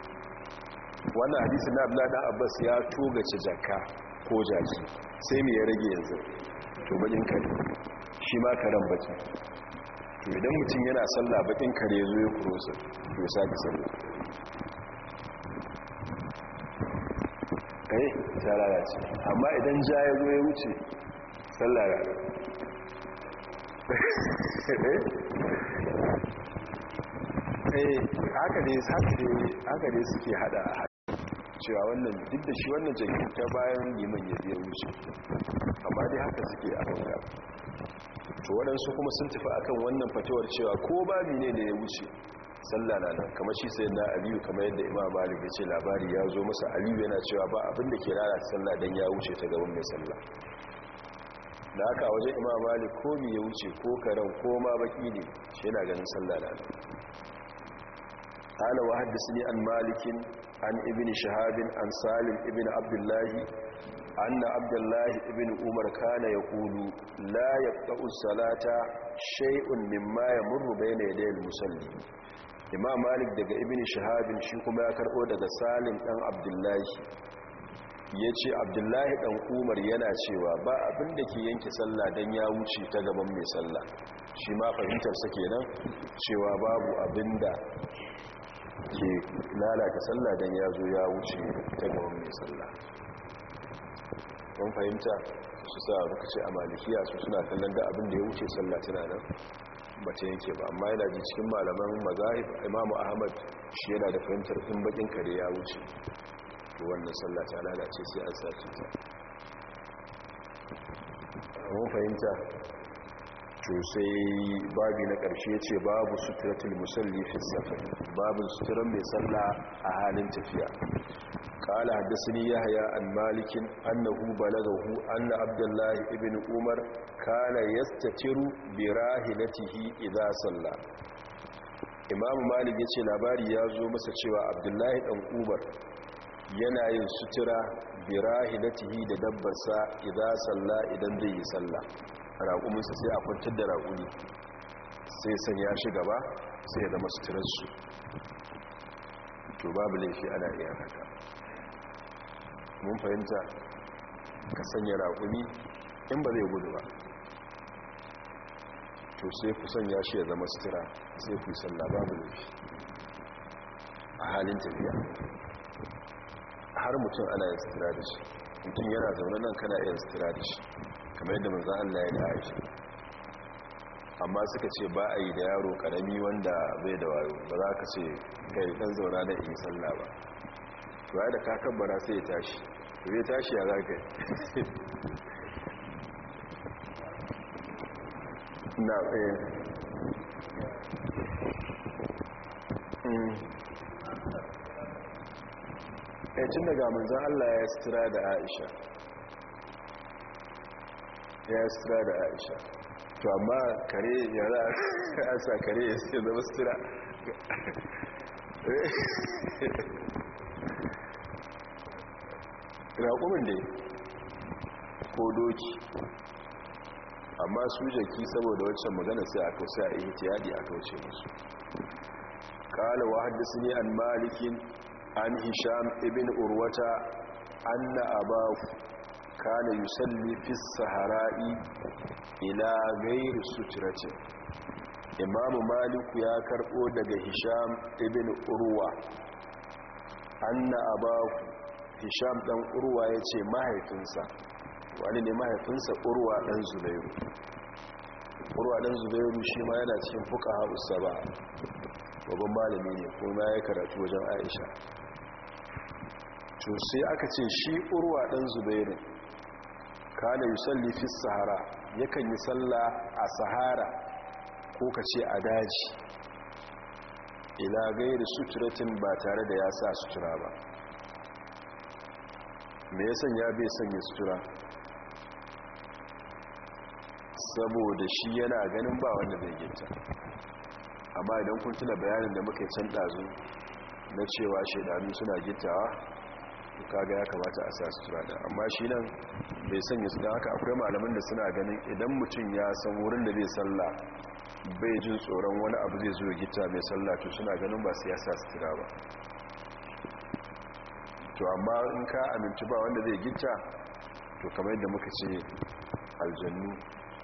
wannan hadisi na abla dan abbas ya togace jaka ko jaji sai me ya rage yanzu to bakin kare shi ma karen baki to idan mutum yana sallah bakin kare zo ya kuro sa to ya sake salla kai eh, ta lalace amma idan ja ya zo ya wuce sallah ya eh, haka ne suke hada cewa wannan duk da shi wannan jirgin ta bayan liman ya biya wuce amma dai haka suke a hanga to waɗansu kuma sun tafi akan wannan fatawar cewa ko babi ne da ya wuce sallah na nan kamar shi sai na aliyu kamar yadda imam malik ya ce labari ya zo masa aliyu yana cewa ba abin da ke lalata sallah dan ya wuce ta gaban mai sallah da haka wajen imam malik ko mi ya wuce ko karen ko ma baki ne shi yana ganin sallah na nan قال وحدثني عن مالك an Ibin shahabin an salim ibn abdullahi anna abdullahi Ibin umar kana yaqulu la yaqta'u salata shay'un mimma yamurru bayna yaday al-musalli imam malik daga ibn shahabin shi kuma ya karɓo daga salim Ɗan abdullahi ya ce abdullahi ɗan umar yana cewa ba abin da ke yanke sallah don ya wuce ta gaban mai sallah shi ma fahimtarsa kenan cewa babu abin da ke lalata sallah don ya zo ya wuce ta mai sallah don fahimta su sa muka ce a malikiya su suna kallon da abin da ya wuce sallah tana nan bace yake ba amma yana ji cikin malaman mazahib imamu ahmad shi yana da fahimtar in bakin kare ya wuce to wannan sallah ta lalace sai an sace ta fahimta Sosai babu babi na ƙarshe ce babu suturatul musalli fi safar babu suturan mai salla a halin tafiya قال حدثني يحيى عن مالك أنه بلغه أن عبد الله umar عمر كان يستتر براحلته إذا صلى Imam malik yace labari ya zo masa cewa abdullahi ɗan umar yana yin sutura birahilatihi da dabbarsa iza salla idan zai yi sallah. raƙuminsa sai a kwantar da raƙuni sai ya shiga ba, sai ya zama suturarsu to babu laifi ana iya haka mun fahimta ka sanya raƙumi in ba zai gudu ba to sai ku sanya shi ya zama sutura sai ku yi sallah babu laifi a halin tafiya har mutum ana yin sutura da shi mutum yana zaune nan kana yin sutura da shi kamar yadda manzan Allah ya da aisha amma suka ce ba a yi da yaro karami wanda bai da wayo ba za ka ce kai dan zaura da in sallah ba to ya da kakan bara sai ya tashi to ya tashi ya za ka na eh. mm. eh, tsaye ɗancin daga manzan Allah ya sutura da aisha ya yi sutura da aisha to amma kare ya za a sa kare ya sai zama sutura raƙumin ne ko doki amma su jaki saboda wancan magana sai a kusa a yi tiyadi a kauce musu ƙala wa haddasa ne an malikin an hisham ibn urwata an na abaku kana salli fi sahara'i ila gairi suturati imamu maliku ya karbo daga hisham ibn urwa anna abaku hisham dan urwa ya ce mahaifinsa wani ne mahaifinsa urwa dan zubairu urwa dan zubairu shi ma yana cikin fuka hausa ba babban malami ne kuma ya karatu wajen aisha to sai aka ce shi urwa dan zubairu yi yusalli fi sahara yakan yi salla a sahara ko ka ce a daji ila gairi suturatin ba tare da ya sa sutura ba yasan ya bai sanya sutura saboda shi yana ganin ba wanda zai ginta amma idan kun tuna bayanin da muka can ɗazu na cewa shaidanu suna gintawa kaga ya kamata a sa sutura da amma shi nan bai sanya su haka akwai malaman da suna ganin idan mutum ya san wurin da zai sallah bai jin tsoron wani abu zai zo gita mai sallah to suna ganin ba su ya sa sutura ba to amma in ka aminci ba wanda zai gita to kamar yadda muka ce aljannu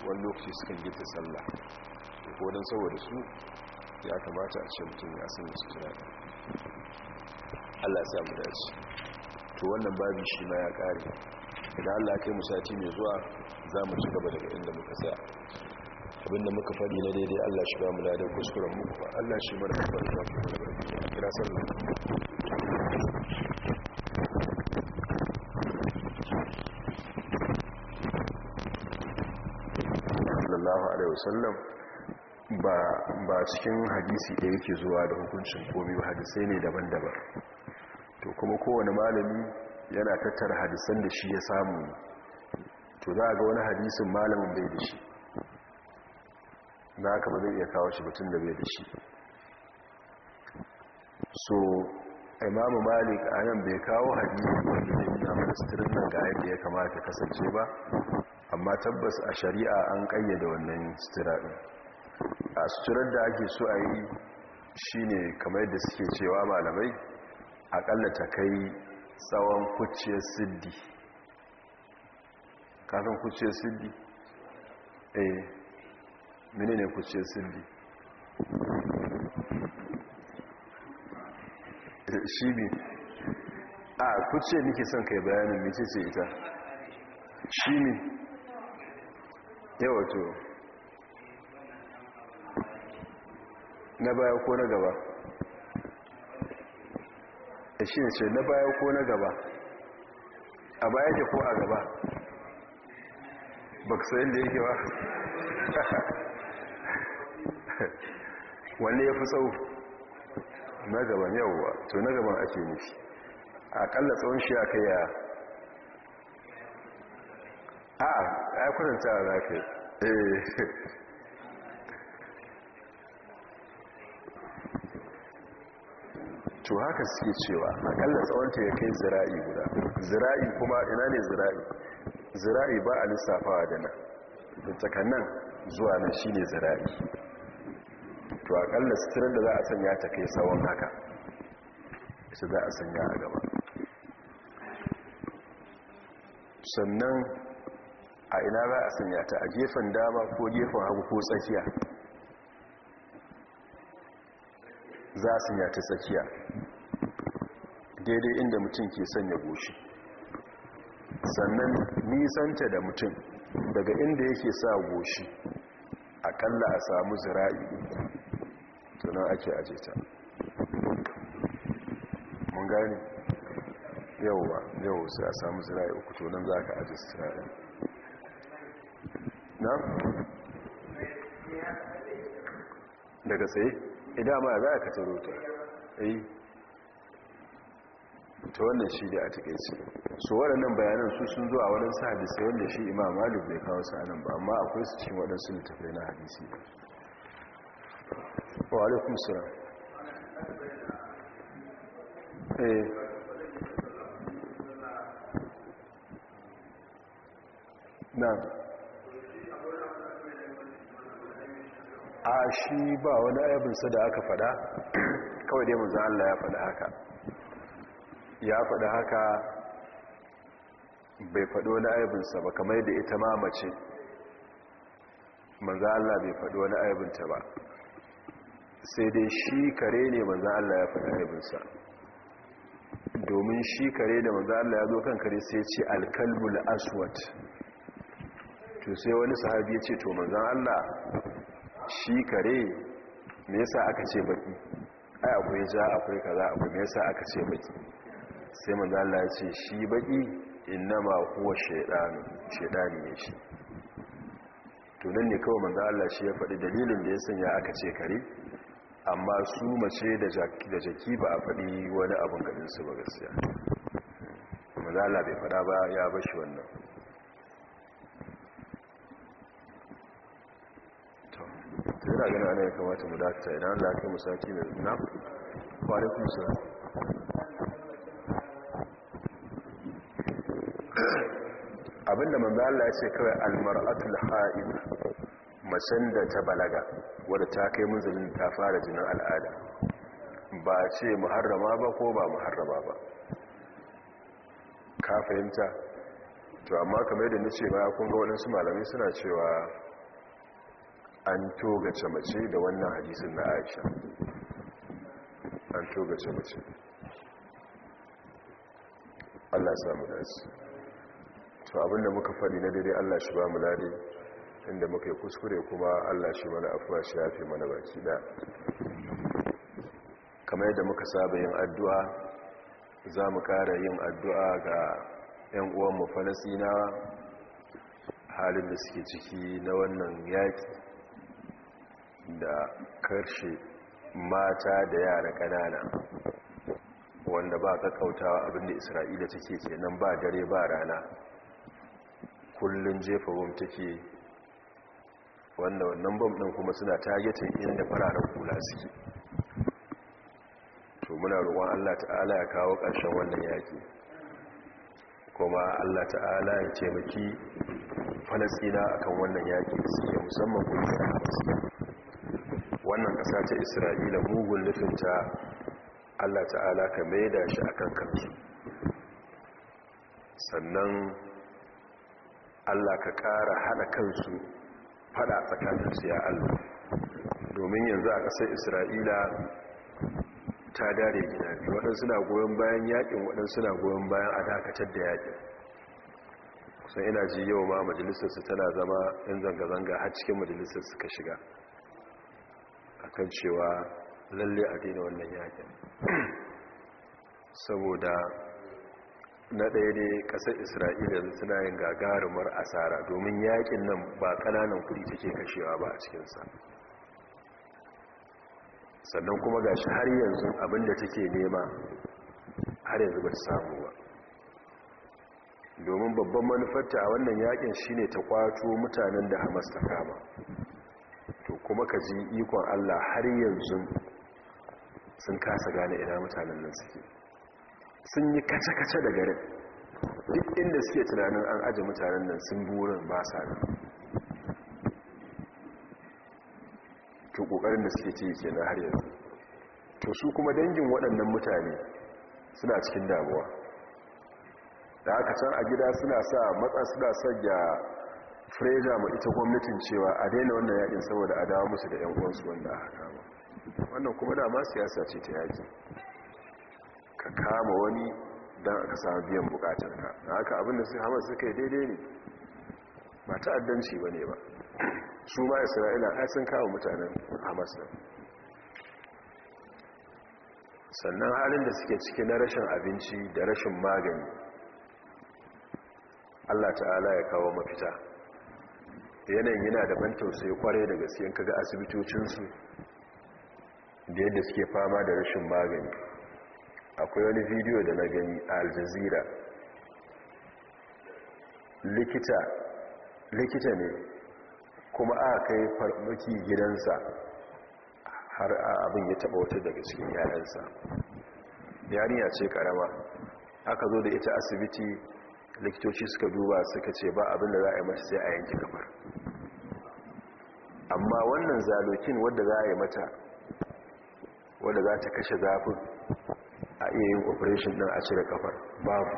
wani lokaci sukan gita sallah ko don saboda su ya kamata a ce mutum ya sanya sutura Allah ya samu dace to wannan babin shi ma ya kare idan Allah kai mu sati mai zuwa za mu ci gaba daga inda muka sa abinda muka faɗi na daidai Allah shi ba mu da kuskuren mu Allah shi mana kafarta mu da barka kira sallah sallallahu alaihi wasallam ba cikin hadisi da yake zuwa da hukuncin komai ba hadisai ne daban-daban kuma kowane malami yana tattara hadisan da shi ya samu to za a ga wani hadisin malamin bai da shi na aka bai iya kawo shi batun da bai da shi so imamu malik a nan bai kawo hadisun wanda da nuna ministirin nan ga yadda ya kamata kasance ba amma tabbas a shari'a an kayyada wannan sutura a suturar da ake so a yi shi ne kamar da suke cewa malamai akalla ta kai tsawon kuciyar siddi kafin kuciyar siddi eh mini ne kuciyar siddi eh, shi bi a kuciyar nike son kai bayanin mace ce ita shi ne yawato na baya ko na gaba shi ne na baya ko na gaba a baya ke ko a gaba ba kusa yadda yake ba wanne ya fi tsawo na gaban yawwa to na gaban ake nufi kalla tsawon shi a kai ya a a ya kwatanta a zafi to haka suke cewa akalla tsawonta ya kai zira'i guda zira'i kuma ina ne zira'i zira'i ba a lissafawa da nan da tsakannan zuwa nan shi ne zira'i to akalla suturar da za a sanya ta kai tsawon haka su za a sanya a gaba sannan a ina za a sanya ta a gefen dama ko gefen hagu ko tsakiya za su ya ta tsakiya daidai inda mutum ke sanya goshi sannan nisanta da mutum daga inda yake sa goshi akalla a samu zira'i uku tunan ake aje ta mun gani yau ba yau sai a samu zira'i uku tunan za ka aje zira'i na? daga tsaye? idan eh, ma za ka taro ta yi eh. ta wannan shi da a Su su waɗannan bayanan su sun zuwa waɗansu hadisai wanda shi imam malik bai kawo su anan ba amma akwai su cikin waɗansu tafai na hadisi wa alaikum salam eh na shi ba wani aibinsa da aka fada kawai dai manzan Allah ya fada haka ya fada haka bai fado wani aibinsa ba kamar da ita mamace manzan Allah bai fado wani aibinta ba sai dai shi kare ne manzan Allah ya fada aibinsa domin shi kare da manzan Allah ya zo kan kare sai ce alkalbul aswat to sai wani sahabi ya ce to manzan Allah shi kare me yasa aka ce baki ai akwai ja akwai kaza akwai me yasa aka ce baki sai manzo Allah ya ce shi baki innama huwa shaytan shaytan ne shi to nan ne kawai manzo Allah shi ya faɗi dalilin da ya sanya aka ce kare amma su mace da jaki ba a faɗi wani abin ganin su ba gaskiya manzo Allah bai faɗa ba ya bashi wannan ina ganin ana ya kamata mu dakata idan Allah ya kai mu na wa alaikum abinda manzo Allah ya ce kawai almar'atul ha'id masan da ta balaga wadda ta kai munzalin ta fara jinin al'ada ba ce muharrama ba ko ba muharrama ba ka fahimta to amma kamar da nace ba kun ga wadansu malamai suna cewa an togace mace da wannan hadisin na aisha an togace mace allah samu dace to abinda muka faɗi na daidai allah shi ba mu lade inda muka yi kuskure kuma allah shi mana afuwa shi ya fi mana baki da kamar yadda muka saba yin addu'a za mu ƙara yin addu'a ga 'yan uwanmu falasina halin da suke ciki na wannan yaƙi da karshe mata da yara ƙanana wanda ba ka kakkautawa abinda isra'ila take nan ba dare ba rana kullum jefa bom take wanda wannan bom ɗin kuma suna tagetin inda fararen kula suke to muna roƙon allah ta'ala ya kawo ƙarshen wannan yaƙi kuma allah ta'ala ya taimaki falasina akan wannan yaƙi suke musamman kuma wannan ƙasa ta isra'ila mugun ta allah ta'ala ka maida shi a kan kansu sannan allah ka kara hana kansu fada tsakaninsu ya allah domin yanzu a ƙasar isra'ila ta dare gina biyu waɗansu na goyon bayan yaƙin waɗansu na goyon bayan a dakatar da yaƙin kusan ina ji yau ma majalisarsu tana zama 'yan zanga-zanga har cikin majalisar suka shiga kan cewa lalle a daina wannan yakin saboda na ɗaya ne ƙasar isra'ila suna yin gagarumar asara domin yakin nan ba ƙananan kuɗi take kashewa ba a cikinsa sannan kuma ga shi har yanzu abinda take nema har yanzu ba ta samu ba domin babban manufarta a wannan yakin shine ta kwato mutanen da hamas ta kama kuma ka ji ikon Allah har yanzu sun kasa gane ina mutanen nan suke sun yi kace-kace da garin duk inda suke tunanin an aji mutanen nan sun burin ba sa nan to kokarin da suke ci ke na har yanzu to su kuma dangin waɗannan mutane suna cikin damuwa da aka can a gida suna sa matsa suna sanya freja ma ita gwamnatin cewa a daina wannan yakin saboda a dawo musu da 'yan uwansu wanda aka kama wannan kuma dama siyasa ce ta yaki ka kama wani don aka samu biyan bukatar ka da haka abinda su hamas suka yi daidai ne ba ta'addanci ba ne ba su ma isra'ila ai sun kama mutanen hamas da sannan halin da suke ciki na rashin abinci da rashin magani allah ta'ala ya kawo mafita yanayin yana da ban tausayi kwarai da ka kaga asibitocinsu da yadda suke fama da rashin magani akwai wani bidiyo da na gani a aljazeera likita ne kuma a kai farmaki gidansa har abin ya taba wata daga cikin yayansa yariya ce karama aka zo da ita asibiti likitoci suka duba suka ce ba abinda za a yi mata sai a yanki kamar amma wannan zalokin wadda za a yi mata wadda za ta kashe zafin a iya yin operation din a cire kafar babu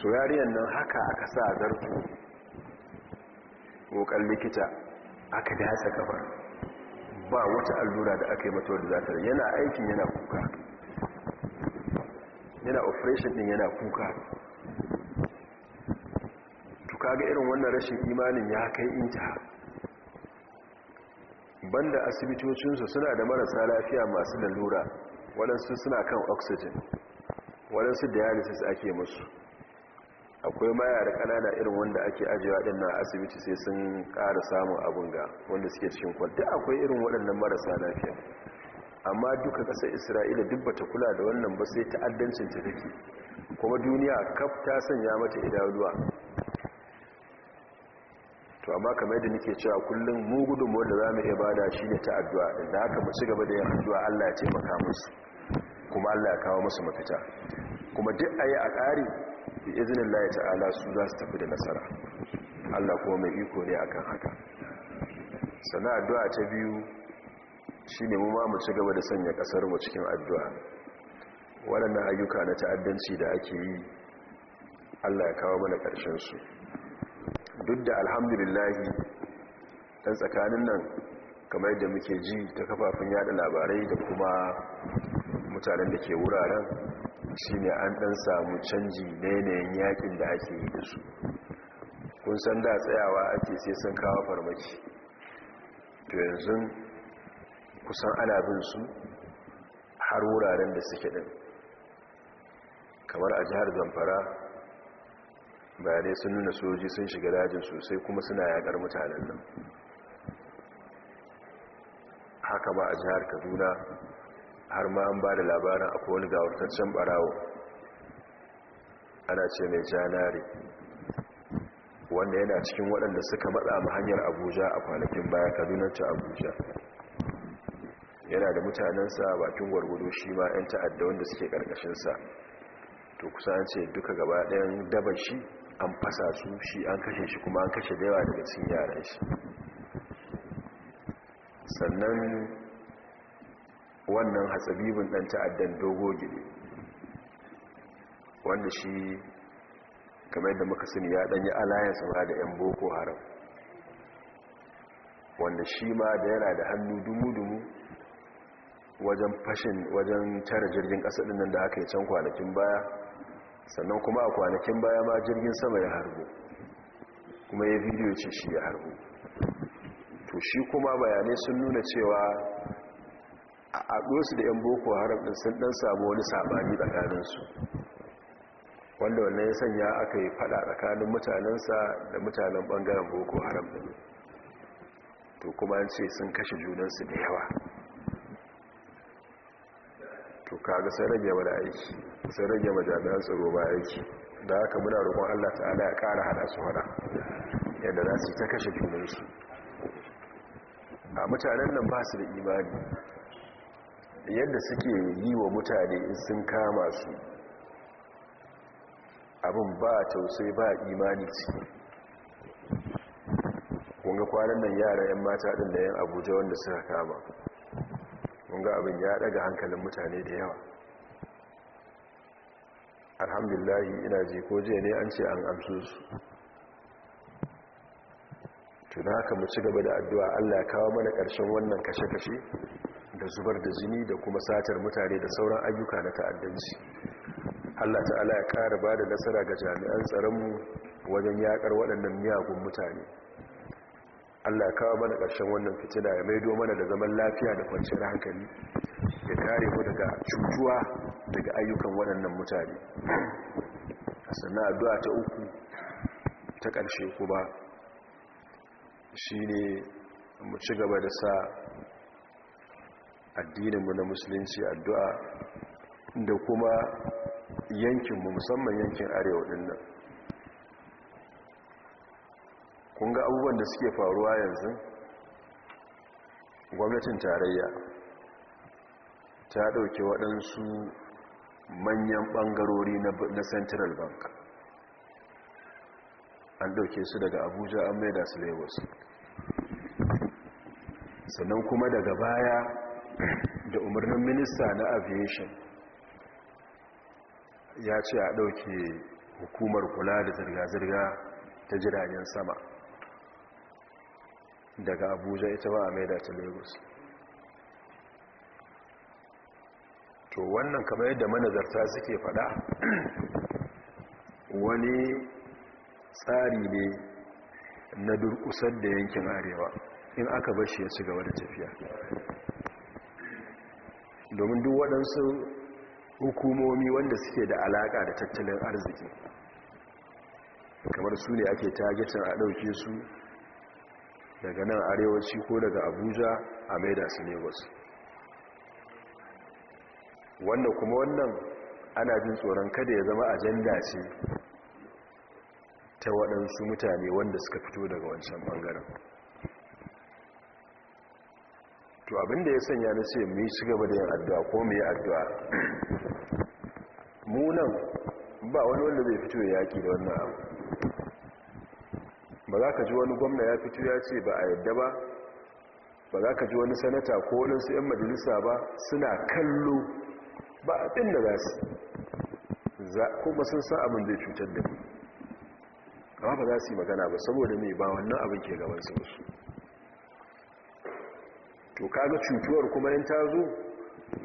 soyariyan nan haka aka sa zartu kokan likita aka datsa kafar ba wata allura da aka yi mata wadda za ta yana aikin yana kuka yana operation din yana kuka to ga irin wannan rashin imanin ya kai inta banda asibitocinsu suna da marasa lafiya masu lalura waɗansu suna kan oxygen waɗansu dialysis ake musu akwai maya da ƙanana irin wanda ake ajiyewa ɗin na asibiti sai sun ƙara samun abunga wanda suke cikin kwanta akwai irin waɗannan marasa lafiya amma duka kasar isra'ila duk bata kula da wannan ba sai ta'addancin ta take kuma duniya kaf ta sanya mata idanuwa to amma kamar da nake cewa kullum mu gudunmu da za mu ibada shi ne ta addu'a da haka mu ci gaba da yin addu'a Allah ya taimaka musu kuma Allah ya kawo musu mafita kuma duk ayi a ƙari bi izinin ta'ala su za su tafi da nasara Allah kuma mai iko ne akan haka sana addu'a ta biyu shi ne mu ma mu ci gaba da sanya ƙasarmu cikin addu'a waɗannan ayyuka na ta'addanci da ake yi allah ya kawo mana su? duk da alhamdulillahi ɗan tsakanin nan kamar yadda muke ji ta kafafun yada labarai da kuma mutanen da ke wuraren shi ne an ɗan samu canji na yanayin yakin da ake yi da su kun san da tsayawa ake sai sun kawo farmaki to yanzu kusan ana bin su har wuraren da suke ɗin kamar a jihar zamfara bayanai sun nuna soji sun shiga dajin sosai kuma suna yaƙar mutanen nan haka ba a jihar kaduna har ma an ba da labarin akwai wani gawartaccen barawo ana ce mai janari wanda yana cikin waɗanda suka matsa mu hanyar abuja a kwanakin baya kaduna ta abuja yana da mutanensa bakin gwargwado shi ma 'yan ta'adda wanda suke ƙarƙashinsa to kusa an ce duka gaba ɗayan dabar shi an fasa su shi an kashe shi kuma an kashe da yawa daga cikin yaran shi sannan wannan hatsabibin ɗan ta'addan dogo gine wanda shi kamar yadda muka sani ya ɗanyi alayansa ma da 'yan boko haram wanda shi ma da yana da hannu dumu-dumu wajen fashin wajen tare jirgin ƙasa ɗin da aka yi can kwanakin baya sannan kuma a kwanakin baya ma jirgin sama ya harbo kuma ya bidiyo ce shi ya harbo to shi kuma bayanai sun nuna cewa a haɗo da 'yan boko haram ɗin sun ɗan samu wani sabani tsakaninsu wanda wannan ya sanya aka yi faɗa tsakanin mutanensa da mutanen ɓangaren boko haram ɗin to kuma an ce sun kashe junansu da yawa to kaga sai rage mana aiki sai rage ma jami'an tsaro ba aiki da haka muna roƙon Allah ta'ala ya ƙara hada su hada yadda za su ta kashe su a mutanen nan ba su da imani yadda suke yi wa mutane in sun kama su abin ba tausai ba imani ce kunga kwanan nan yara 'yan mata ɗin da 'yan abuja wanda suka kama ga abin ya daga hankalin mutane da yawa alhamdulahi ina ji ko jiya ne an ce an amsu su tun haka mu ci gaba da addu'a allah ya kawo mana ƙarshen wannan kashe-kashe da zubar da jini da kuma satar mutane da sauran ayyuka na ta'addanci allah ta'ala ya ƙara ba da nasara ga jami'an tsaronmu wajen yaƙar waɗannan miyagun mutane allah ya kawo mana ƙarshen wannan fitina ya maido mana da zaman lafiya da kwanciyar hankali ya kare mu daga cutuwa daga ayyukan waɗannan mutane sannan addu'a ta uku ta ƙarshe shi ne mu ci gaba da sa addininmu na musulunci addu'a da kuma yankinmu musamman yankin arewa ɗin nan kun ga abubuwan da suke faruwa yanzu gwamnatin tarayya ta ɗauki waɗansu manyan ɓangarori na central bank an ɗauke su daga abuja an maida su lagos sannan kuma daga baya da umarnin minista na aviation ya ce a ɗauke hukumar kula da zirga-zirga ta jiragen sama daga abuja ita ba a maida ta lagos to wannan kamar yadda manazarta suke fada wani tsari ne na durkusar da yankin arewa in aka bar shi ya ci gaba da tafiya domin duk waɗansu hukumomi wanda suke da alaƙa da tattalin arziki kamar su ne ake tagetin a ɗauke su daga nan arewaci ko daga abuja a maida su lagos wanda kuma wannan ana jin tsoron kada ya zama ajanda ce ta waɗansu mutane wanda suka fito daga wancan ɓangaren to abinda ya sanya na ce mu yi ci gaba da yin addu'a ko mu addu'a munan ba wani wanda zai fito ya yaƙi da wannan abu ba za ka ji wani gwamna ya fito ya ce ba a yadda ba ba za ka ji wani sanata ko wani su 'yan majalisa ba suna kallo ba abin da za su kuma sun sa abin zai cutar da ni amma ba za su yi magana ba saboda mai ba wannan abin ke gaban su wasu to kaga cutuwar kuma yin ta zo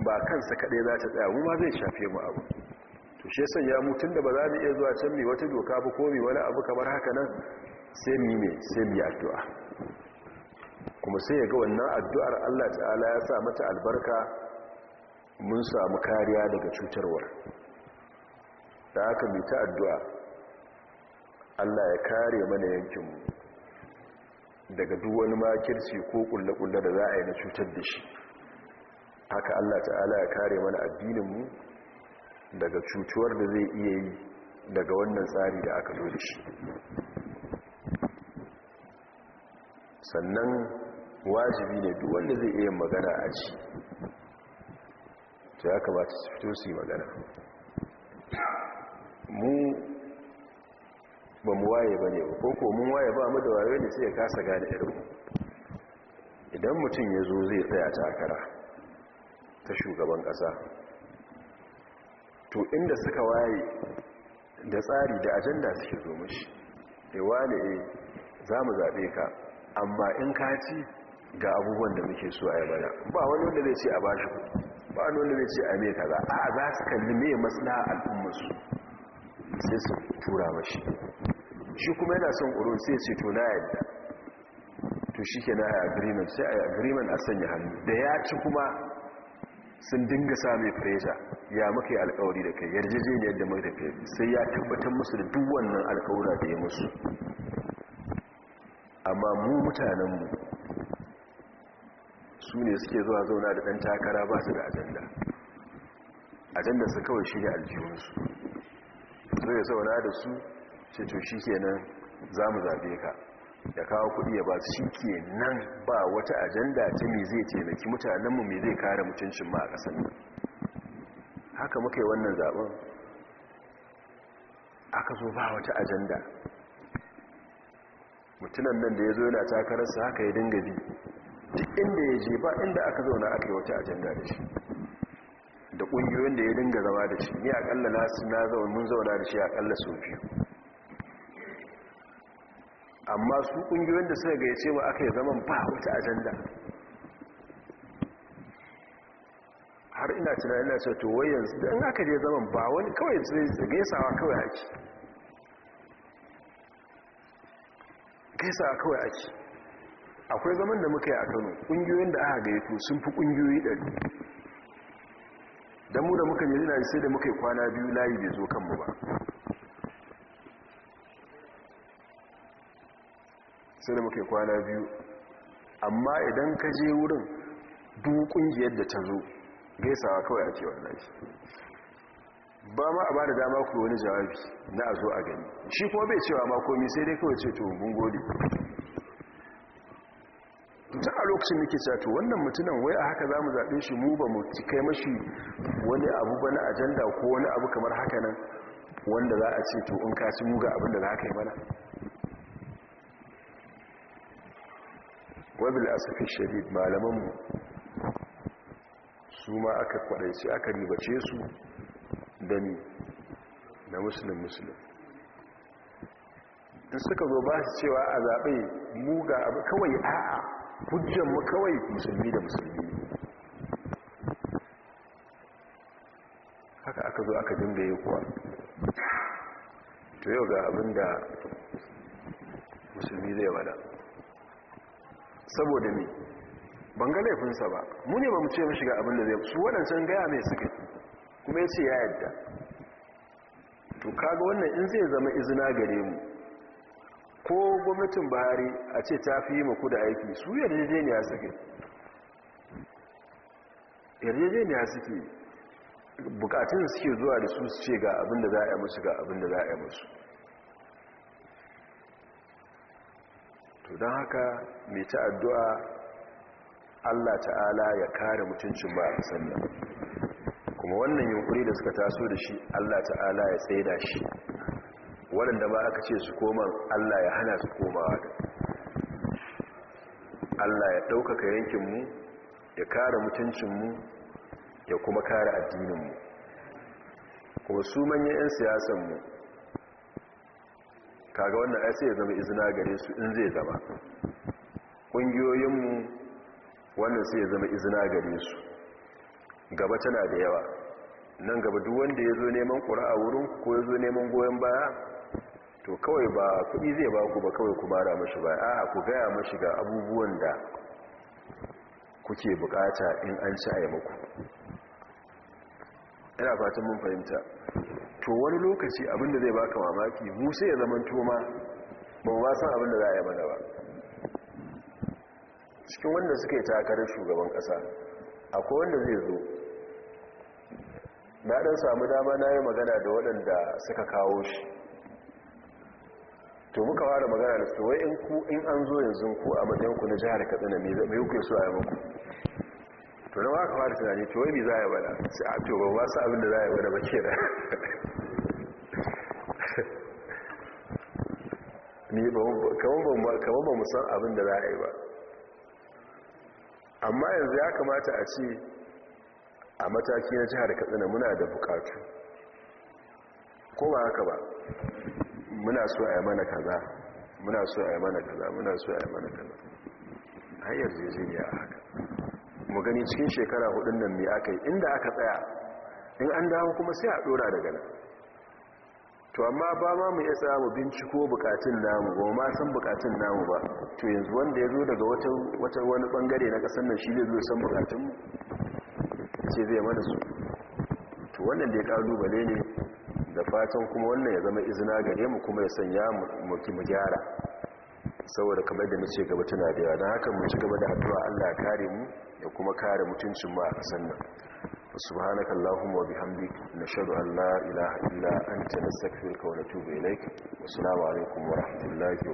ba kansa kaɗai za ta tsaya ma zai shafe mu abu to shi yasa ya mutun da ba za mu iya zuwa can mai wata doka ba ko mai wani abu kamar haka nan sai mi ne sai mi addu'a kuma sai ya ga wannan addu'ar Allah ta'ala ya sa mata albarka mun samu kariya daga cutarwar da aka bi ta addu'a Allah ya kare mana yankinmu daga duwani makirci ko kulle-kulle da za a yi na cutar da shi haka Allah ta'ala ya kare mana addininmu daga cutuwar da zai iya yi daga wannan tsari da aka zo da shi sannan wajibi ne duk wanda zai iya magana a ci to ya kamata su fito su yi magana mu ba mu waye ba ne Ko koko mun waye ba mu da waye ne sai ya kasa gane irin idan mutum ya zo zai tsaya takara ta shugaban ƙasa to inda suka waye da tsari da ajanda suke zo mashi ewa eh, ne eh, za mu zaɓe ka amma in ka ci ga abubuwan da muke so a yi mana ba wani wanda zai ce a bashi ba wani wanda zai ce a mai kaza a za su kalli mai masana al'ummarsu sai su tura mashi shi kuma yana son ƙuru sai ce to na yadda to shi ke na a agreement sai a agreement a sanya hannu da ya ci kuma sun dinga sami fresa ya maka yi alkawari da kai yarjejeniyar da mai da sai ya tabbatar musu da duk wannan alkawura da ya musu amma mu mutanenmu su ne suke zuwa zauna da ɗan takara ba su da ajanda ajanda su kawai shi ne aljihunsu Zai ya zauna da su ce to shi kenan za mu zabe ka da kawo kuɗi ya ba su shi kenan ba wata ajanda ta me zai taimaki mutanenmu mai zai kare mutuncin ma a ƙasar nan haka muka yi wannan zaben aka zo ba wata ajanda mutunan nan da ya zo yana takararsa haka ya dinga bi duk inda ya je ba inda aka zauna aka yi wata ajanda da shi da ƙungiyoyin da ya dinga zama da shi ni nasu na zaun mun zauna da shi aƙalla sau biyu amma su ƙungiyoyin da suka gayyace mu aka yi zaman ba wata ajanda har ina tunanin na ce to wai yanzu da in aka je zaman ba wani kawai zai gaisawa kawai haki kai kawai ake akwai zaman da muka yi a kano ƙungiyoyin da aka gayyato sun fi ƙungiyoyi ɗari don mu da muka yi layi sai da muka yi kwana biyu layi bai zo kanmu ba sai da muka yi kwana biyu amma idan ka je wurin duk ƙungiyar da ta zo gaisawa kawai ake wannan shi ba ma a ba da dama ku wani jawabi na a zo a gani shi kuma bai cewa ma sai dai kawai ce to mun gode ta a lokacin muke cewa to wannan mutunan wai a haka za mu zaɓe shi mu ba mu kai mashi wani abu ba na ajanda ko wani abu kamar haka nan wanda za a ce to in ka ci muga abin da za ka yi mana wabil asafin shadid malamanmu su ma aka kwadaice aka ribace su Dani na da musulun musulun da suka zo ba su cewa a zaɓe muga abu kawai a'a hujjanmu kawai musulmi da musulmi haka aka zo aka dinga yi kuwa to yau ga abin da musulmi zai wada saboda ne ban ga laifinsa ba mu ne ba mu ce mashiga ga abin da zai su waɗancan gaya mai suke. kuma ya ce ya yadda to kaga wannan in zai zama izina gare mu ko gwamnatin buhari a ce ta fi yi maku da aiki su yarjejeniya suke yarjejeniya suke bukatun suke zuwa da su ce ga abinda za a yi musu ga abinda za a yi musu to don haka mai ta addu'a allah ta'ala ya kare mutuncin ba a sannan kuma wannan yunkuri da suka taso da shi Allah ta'ala ya tsaida shi waɗanda ba aka ce su koma Allah ya hana su komawa da Allah ya ɗaukaka yankinmu ya kara mutuncinmu ya kuma kara addininmu kuma su manyan 'yan siyasanmu kaga wannan ai sai ya zama izina gare su in zai zama ƙungiyoyinmu wannan sai ya zama izina gare su gaba tana da yawa nan gaba duk wanda ya zo neman ƙura'a wurin ko ya zo neman goyon baya to kawai ba kuɗi zai ba ku ba kawai ku mara mashi ba a ku gaya mashi ga abubuwan da kuke bukata in an ci a maku ina fatan mun fahimta to wani lokaci abinda zai baka mamaki mu sai ya zama toma ba ma san abinda za a yi mana ba cikin wanda suka yi takarar shugaban ƙasa akwai wanda zai zo na dan samu dama na yi magana da waɗanda suka kawo shi to muka fara magana da su wai in an zo yanzu ku a matsayin ku na jihar katsina me zai yi so a yi muku to na waka fara tunani to wai me za a yi bada sai a to ba ba su abin da za a yi bada ba ke da kamar ba mu san abin da za a yi ba amma yanzu ya kamata a ce a mataki na jihar katsina muna da bukatu ko ba haka ba muna so a yi mana kaza muna so a yi mana kaza muna so a yi mana kaza hanyar zirziya a haka mu gani cikin shekara hudun nan mai aka yi inda aka tsaya in an dawo kuma sai a dora daga nan to amma ba ma mu iya tsaya binciko bukatun namu ba ma san bukatun namu ba to yanzu wanda ya zo daga wata wani bangare na kasar nan shi ne zo san bukatunmu ce zai mana su to wannan da ya kalubale ne da fatan kuma wannan ya zama izina gare mu kuma ya sanya mu gyara saboda kamar da nace gaba tana da yawa don haka mu ci gaba da addu'a Allah ya kare mu ya kuma kare mutuncin mu a kasan nan subhanaka allahumma wa bihamdik nashhadu an la ilaha illa anta nastaghfiruka wa natubu ilaik assalamu alaikum wa rahmatullahi